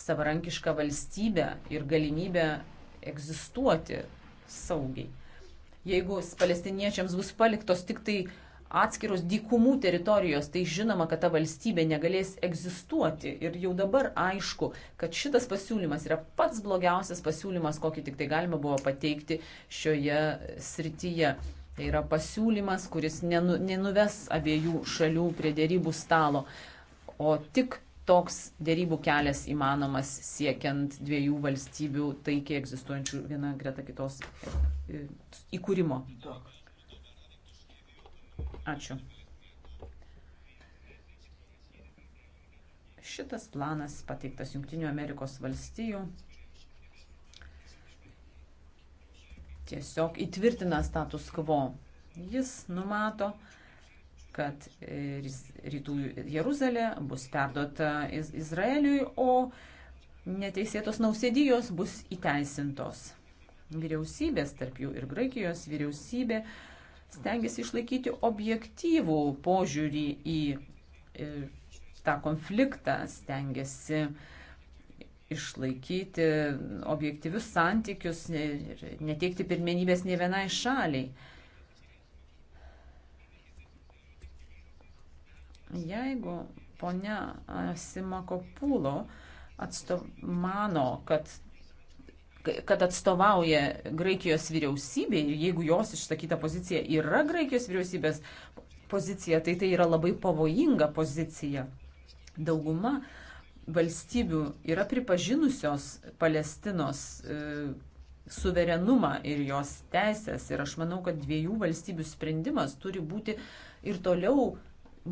savarankišką valstybę ir galimybę egzistuoti saugiai. Jeigu palestiniečiams bus paliktos tik tai atskiros dykumų teritorijos, tai žinoma, kad ta valstybė negalės egzistuoti. Ir jau dabar aišku, kad šitas pasiūlymas yra pats blogiausias pasiūlymas, kokį tik tai galima buvo pateikti šioje srityje. Tai yra pasiūlymas, kuris nenu, nenuves abiejų šalių prie dėrybų stalo, o tik toks dėrybų kelias įmanomas siekiant dviejų valstybių taikiai egzistuojančių viena greta kitos e, įkūrimo. Ačiū. Šitas planas pateiktas Junktinių Amerikos valstijų tiesiog įtvirtina status quo. Jis numato, kad rytų Jeruzalė bus perduota Izraeliui, o neteisėtos nausėdijos bus įteisintos. Vyriausybės, tarp jų ir Graikijos vyriausybė, stengiasi išlaikyti objektyvų požiūrį į e, tą konfliktą, stengiasi uh, išlaikyti objektyvius santykius ir neteikti pirmenybės ne vienai šaliai. Jeigu ponia Simakopulo atstov, mano, kad, kad atstovauja Graikijos vyriausybė ir jeigu jos išsakyta pozicija yra Graikijos vyriausybės pozicija, tai tai yra labai pavojinga pozicija. Dauguma uh, valstybių yra pripažinusios Palestinos e, suverenumą ir jos teisės. Ir aš manau, kad dviejų valstybių sprendimas turi būti ir toliau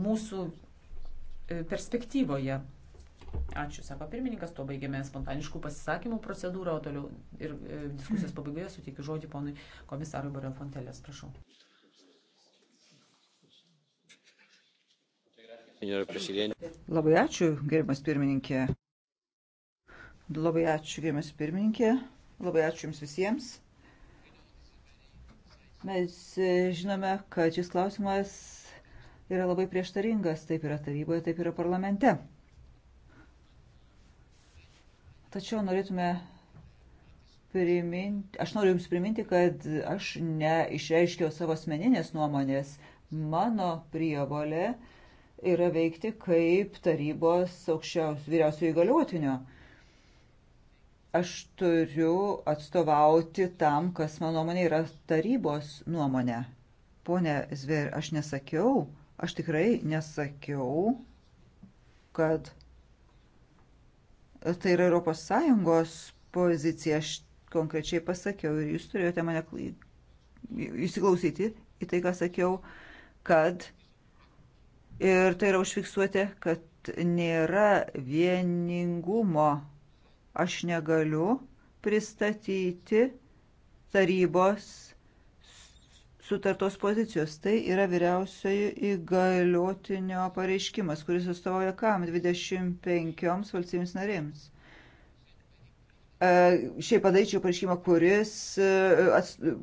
mūsų e, perspektyvoje. Ačiū, sako pirmininkas, tuo baigėme spontaniškų pasisakymų procedūrą, o toliau ir e, diskusijos pabaigoje suteikiu žodį ponui komisarui Borel Fontelės. Prašau. Labai ačiū, gerimas pirmininkė. Labai ačiū, gerimas pirmininkė. Labai ačiū Jums visiems. Mes e, žinome, kad šis klausimas yra labai prieštaringas. Taip yra taryboje, taip yra parlamente. Tačiau norėtume priminti, aš noriu Jums priminti, kad aš neišreiškiau savo asmeninės nuomonės. Mano prievolė uh, yra veikti kaip tarybos aukščiausio vyriausiojo įgaliotinio. Aš turiu atstovauti tam, kas mano nuomonė yra tarybos nuomonė. Pone Zver, aš nesakiau, aš tikrai nesakiau, kad tai yra Europos Sąjungos pozicija. Aš konkrečiai pasakiau ir jūs turėjote mane įsiklausyti į tai, ką sakiau, kad Ir tai yra užfiksuoti, kad nėra vieningumo. Aš negaliu pristatyti tarybos sutartos pozicijos. Tai yra vyriausiojo įgaliotinio pareiškimas, kuris atstovauja kam? 25 valstybėms narėms. E, šiaip padaryčiau pareiškimą, kuris e,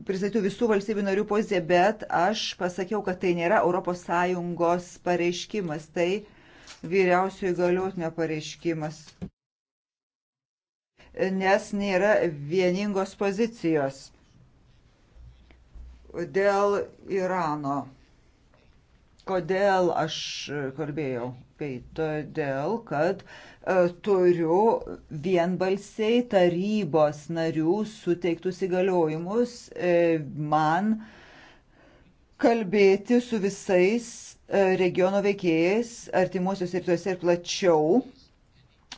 pristatytų visų valstybių narių poziciją, bet aš pasakiau, kad tai nėra ES pareiškimas, tai vyriausiojo įgaliotinio pareiškimas, nes nėra vieningos pozicijos dėl Irano. Kodėl aš kalbėjau aiškiai, todėl kad e, turiu vienbalsiai tarybos narių suteiktus įgaliojimus e, man kalbėti su visais e, regiono veikėjais artimuosiuose rytuose ir plačiau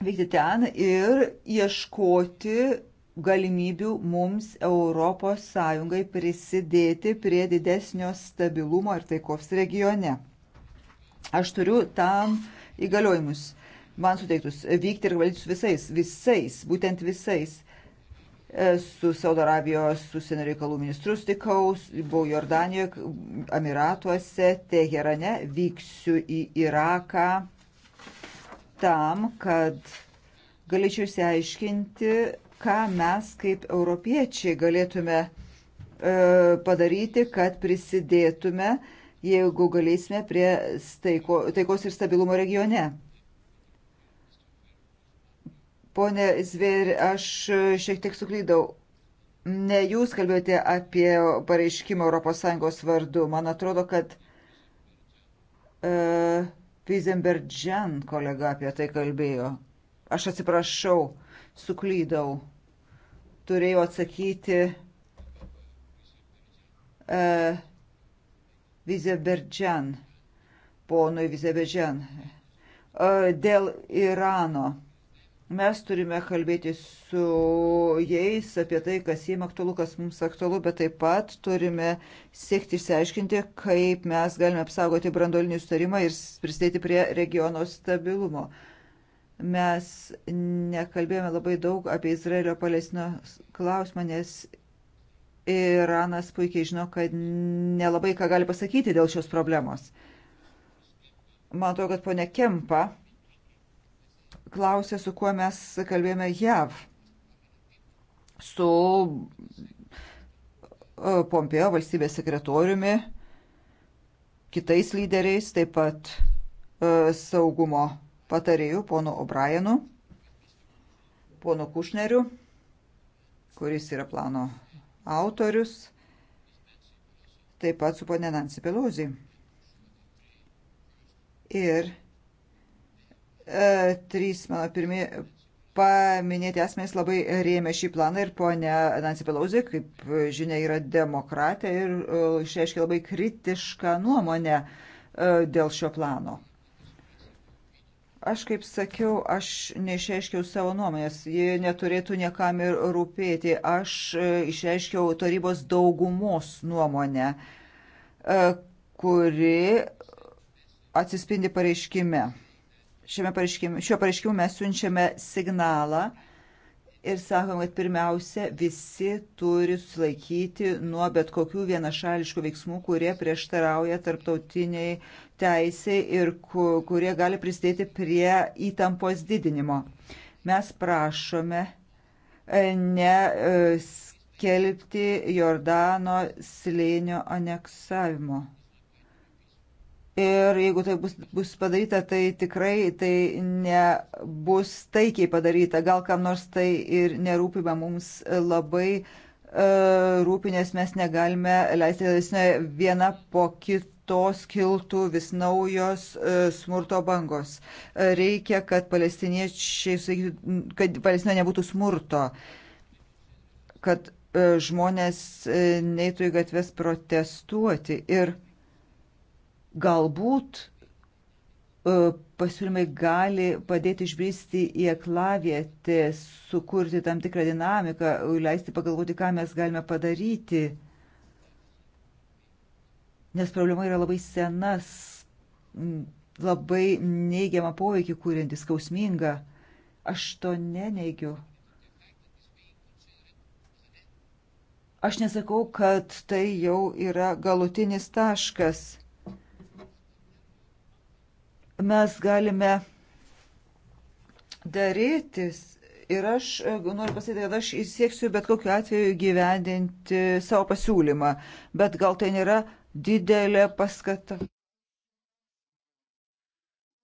vykti ten ir ieškoti galimybių mums ES prisidėti prie didesnio stabilumo ir taikos regione. Aš turiu tam įgaliojimus man suteiktus vykti ir valdyti su visais, visais, būtent visais. Su Saudo Arabijos užsienio reikalų ministru sutikau, buvau Jordanijoje, Emiratuose, Teherane, vyksiu į Iraką tam, kad galėčiau išsiaiškinti, ką mes kaip europiečiai galėtume e, padaryti, kad prisidėtume uh, jeigu galėsime prie staiko, taikos ir stabilumo regione. Pone Zver, aš šiek tiek suklydau. Ne jūs kalbėjote apie pareiškimą ES vardu. Man atrodo, kad uh, e, Pizembergen kolega apie tai kalbėjo. Aš atsiprašau, suklydau. Turėjau atsakyti uh, Vizeberdžian, ponui Vizeberdžian, e, dėl Irano. Mes turime kalbėti su jais apie tai, kas jiems aktualu, kas mums aktualu, bet taip pat turime siekti išsiaiškinti, kaip mes galime apsaugoti brandolinį sutarimą ir prisidėti prie regiono stabilumo. Mes nekalbėjome labai daug apie Izraelio palestino klausimą, nes Iranas puikiai žino, kad nelabai ką gali pasakyti dėl šios problemos. Man atrodo, kad ponia Kempa klausė, su kuo mes kalbėjome JAV. Su e, Pompeo valstybės sekretoriumi, kitais lyderiais, taip pat e, saugumo patarėjų, ponu O'Brienu, ponu Kušneriu, kuris yra plano autorius, taip pat su ponė Nancy Pelosi. Ir e, trys mano pirmie paminėti asmenys labai rėmė šį planą ir ponė Nancy Pelosi, kaip žinia, yra demokratė ir e, išreiškia labai kritišką nuomonę e, dėl šio plano. Aš kaip sakiau, aš neišreiškiau savo nuomonės, ji neturėtų niekam ir rūpėti. Aš e, išreiškiau tarybos daugumos nuomonę, e, kuri atsispindi pareiškime. Šiame pareiškime, šiuo pareiškimu mes siunčiame signalą, ir sakom, kad pirmiausia visi turi susilaikyti nuo bet kokių vienašališkų veiksmų, kurie prieštarauja tarptautiniai teisiai ir ku, kurie gali prisidėti prie įtampos didinimo. Mes prašome e, ne e, skelbti Jordano slėnio aneksavimo. Ir jeigu tai bus, bus padaryta, tai tikrai tai nebus taikiai padaryta. Gal kam nors tai ir nerūpima mums labai uh, e, rūpinės, mes negalime leisti, kad viena po kitos kiltų vis naujos uh, smurto bangos. E, reikia, kad palestiniečiai, sakytų, kad palestina nebūtų smurto, kad uh, žmonės neitų į gatves protestuoti. Ir Galbūt e, pasiūlymai gali padėti išbristi į aklavietę, sukurti tam tikrą dinamiką, leisti pagalvoti, ką mes galime padaryti. Nes problema yra labai senas, labai neigiamą poveikį kūrinti, skausminga. Aš to neneigiu. Aš nesakau, kad tai jau yra galutinis taškas mes galime darytis. Ir aš e, noriu pasakyti, kad aš sieksiu bet kokiu atveju gyvendinti savo pasiūlymą, bet gal tai nėra didelė paskata.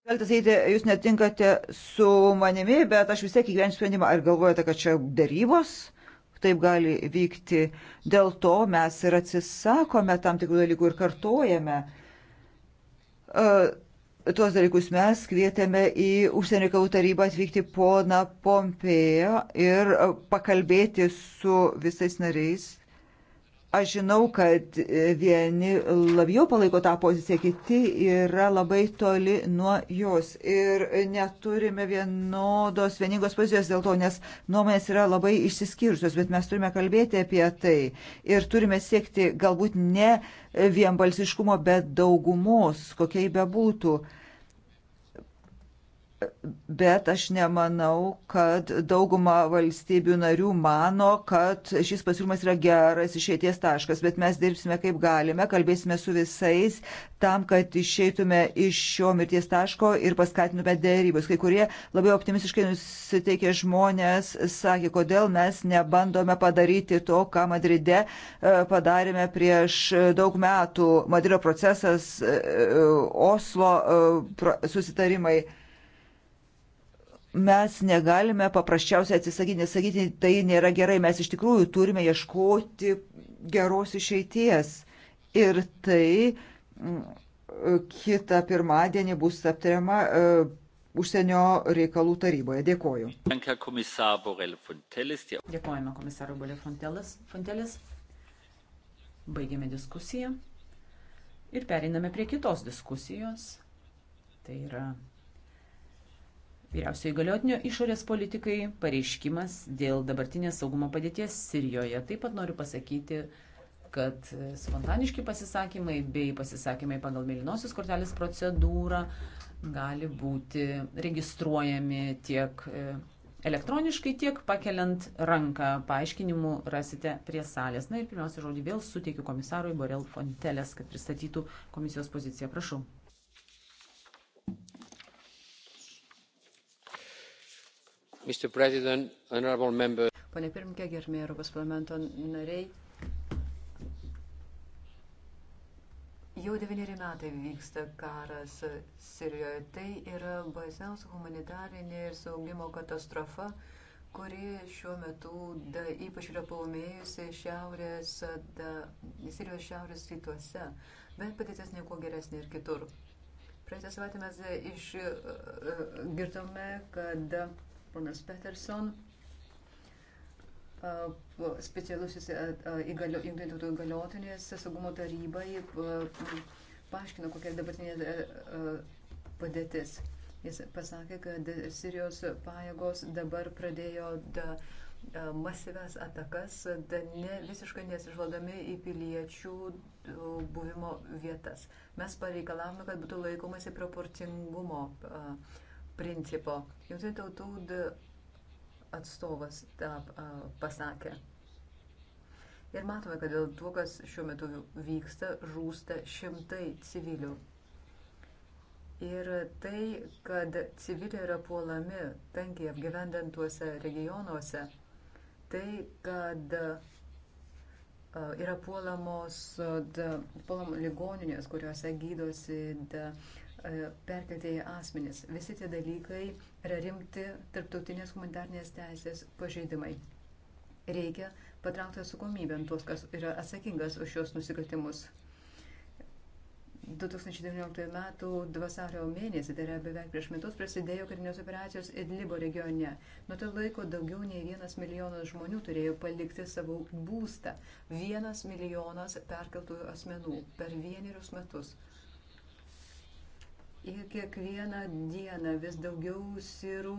Galite sakyti, jūs netinkate su manimi, bet aš vis tiek įgyvensiu sprendimą. Ar galvojate, kad čia darybos? taip gali vykti. Dėl to mes ir atsisakome tam tikrų dalykų ir kartojame. E, tuos dalykus mes kvietėme į užsienio reikalų tarybą atvykti poną Pompėją ir e, pakalbėti su visais nariais Aš žinau, kad e, vieni labiau palaiko tą poziciją, kiti yra labai toli nuo jos. Ir neturime vienodos, vieningos pozicijos dėl to, nes nuomonės yra labai išsiskyrusios, bet mes turime kalbėti apie tai. Ir turime siekti galbūt ne vienbalsiškumo, bet daugumos, kokiai bebūtų. būtų bet aš nemanau, kad dauguma valstybių narių mano, kad šis pasiūlymas yra geras išeities taškas, bet mes dirbsime kaip galime, kalbėsime su visais tam, kad išeitume iš šio mirties taško ir paskatinume dėrybus. Kai kurie labai optimistiškai nusiteikė žmonės sakė, kodėl mes nebandome padaryti to, ką Madride e, padarėme prieš daug metų. Madrido procesas, e, Oslo e, susitarimai mes negalime paprasčiausiai atsisakyti, nesakyti, tai nėra gerai, mes iš tikrųjų turime ieškoti geros išeities. Ir tai kitą pirmadienį bus aptariama uh, užsienio reikalų taryboje. Dėkoju. Dėkojame komisarui Borelį Fontelis. Baigėme diskusiją ir pereiname prie kitos diskusijos. Tai yra vyriausio įgaliotinio išorės politikai pareiškimas dėl dabartinės saugumo padėties Sirijoje. Taip pat noriu pasakyti, kad spontaniški pasisakymai bei pasisakymai pagal mėlynosios kortelės procedūrą gali būti registruojami tiek e, elektroniškai, tiek pakeliant ranką. Paaiškinimų rasite prie salės. Na ir pirmiausia, žodį vėl suteikiu komisarui Borel Fontelės, kad pristatytų komisijos poziciją. Prašau. Pone pirmininkė, gerbėjai Europos parlamento nariai, jau devyneri metai vyksta karas Sirijoje. Tai yra baisiausia humanitarinė ir saugimo katastrofa, kuri šiuo metu da, ypač yra paumėjusi šiaurės, da, Sirijos šiaurės rytuose, bet padėtis nieko geresnė ir kitur. Praeitą savaitę mes išgirdome, e, e, kad ponas Peterson, specialusis jungtinių tautų įgaliotinės saugumo tarybai paaiškino, kokia dabartinė padėtis. Jis pasakė, kad Sirijos pajėgos dabar pradėjo da, masyves atakas, da, ne, visiškai nesižvalgami į piliečių buvimo vietas. Mes pareikalavome, kad būtų laikomasi proporcingumo. Uh, principo. Jungtinių tautų atstovas tą pasakė. Ir matome, kad dėl to, kas šiuo metu vyksta, žūsta šimtai civilių. Ir tai, kad civiliai yra puolami tankiai apgyvendantuose regionuose, tai, kad yra puolamos, puolamos ligoninės, kuriuose gydosi da, E, perkeltieji asmenys. Visi tie dalykai yra rimti tarptautinės humanitarnės teisės pažeidimai. Reikia patraukti atsakomybę tuos, kas yra atsakingas už šios nusikaltimus. 2019 m. vasario mėnesį, tai yra beveik prieš metus, prasidėjo karinės operacijos Idlibo regione. Nuo to laiko daugiau nei vienas milijonas žmonių turėjo palikti savo būstą. Vienas milijonas perkeltųjų asmenų per vienerius metus. Ir kiekvieną dieną vis daugiau sirų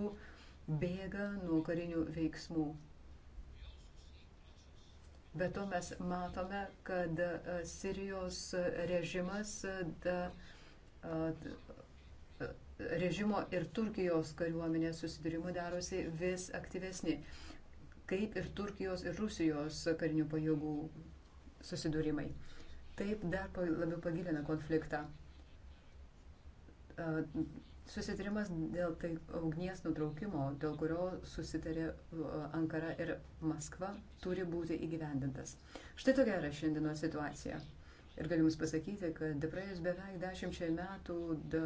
bėga nuo karinių veiksmų. Be to mes matome, kad e, Sirijos režimas, da, e, režimo ir Turkijos kariuomenės susidūrimų darosi vis aktyvesni, kaip ir Turkijos ir Rusijos karinių pajėgų susidūrimai. Taip dar labiau pagilina konfliktą. Susitarimas dėl tai ugnies nutraukimo, dėl kurio susitarė Ankara ir Maskva, turi būti įgyvendintas. Štai tokia yra šiandienos situacija. Ir galiu Jums pasakyti, kad praėjus beveik dešimčiai metų, da,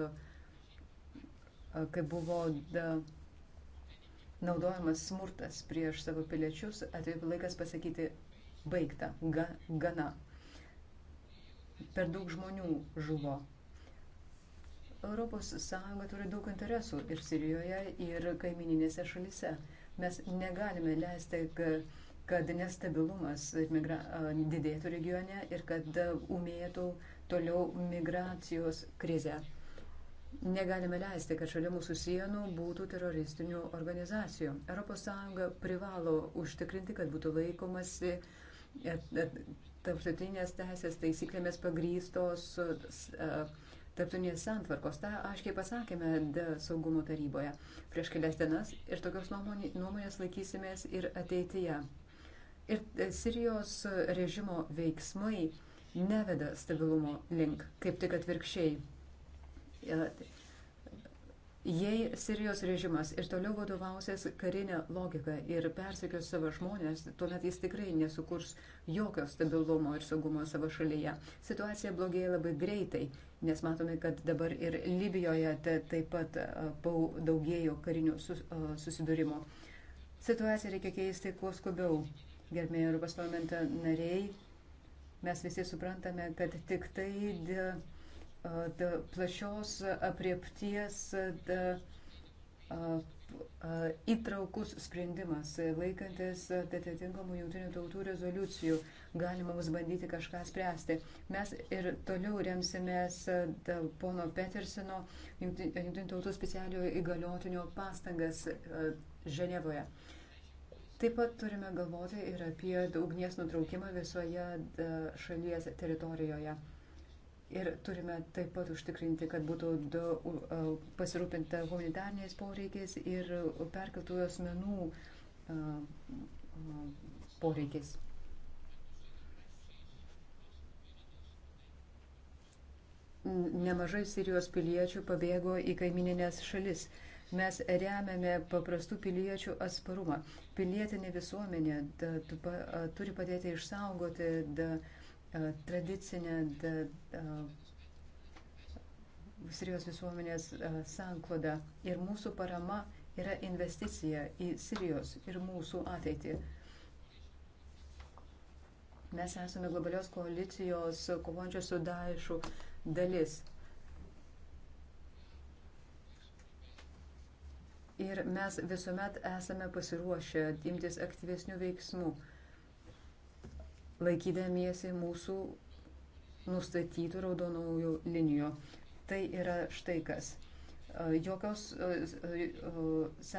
kai buvo da, naudojamas smurtas prieš savo piliečius, atėjo laikas pasakyti baigta, ga, gana. Per daug žmonių žuvo ES turi daug interesų ir Sirijoje, ir kaimininėse šalise. Mes negalime leisti, kad nestabilumas migra... didėtų regione ir kad umėtų toliau migracijos krize. Negalime leisti, kad šalia mūsų sienų būtų teroristinių organizacijų. ES privalo užtikrinti, kad būtų laikomasi e, e, tarptautinės teisės taisyklėmis pagrystos. Uh, tarptautinės santvarkos. Ta aiškiai pasakėme saugumo taryboje prieš kelias dienas ir tokios nuomonės laikysimės ir ateityje. Ir e, Sirijos režimo veiksmai neveda stabilumo link, kaip tik atvirkščiai. E, Jei Sirijos režimas ir toliau vadovausias karinę logiką ir persekios savo žmonės, tuomet jis tikrai nesukurs jokio stabilumo ir saugumo savo šalyje. Situacija blogėja labai greitai, nes matome, kad dabar ir Libijoje taip pat daugėjo karinių susidūrimų. Situaciją reikia keisti kuo skubiau. Gerbėjai Europos parlamento nariai, mes visi suprantame, kad tik tai. Dė plačios apriepties įtraukus sprendimas, laikantis atitinkamų jungtinių tautų rezoliucijų, galima mums bandyti kažką spręsti. Mes ir toliau remsimės pono Petersino, jungtinių tautų specialiojo įgaliotinio pastangas Ženevoje. Taip pat turime galvoti ir apie ugnies nutraukimą visoje šalies teritorijoje. Ir turime taip pat užtikrinti, kad būtų da, uh, pasirūpinta humanitarniais poreikiais ir perkeltųjų asmenų uh, uh, poreikiais. Nemažai Sirijos piliečių pabėgo į kaimininės šalis. Mes remiame paprastų piliečių atsparumą. Pilietinė visuomenė da, turi padėti išsaugoti da, uh, E, tradicinę e, Sirijos visuomenės e, sanklodą. Ir mūsų parama yra investicija į Sirijos ir mūsų ateitį. Mes esame globalios koalicijos kovojančios su Daešu dalis. Ir mes visuomet esame pasiruošę imtis aktyvesnių veiksmų laikydamiesi mūsų nustatytų raudonųjų linijų. Tai yra štai kas. Jokios e, e, e,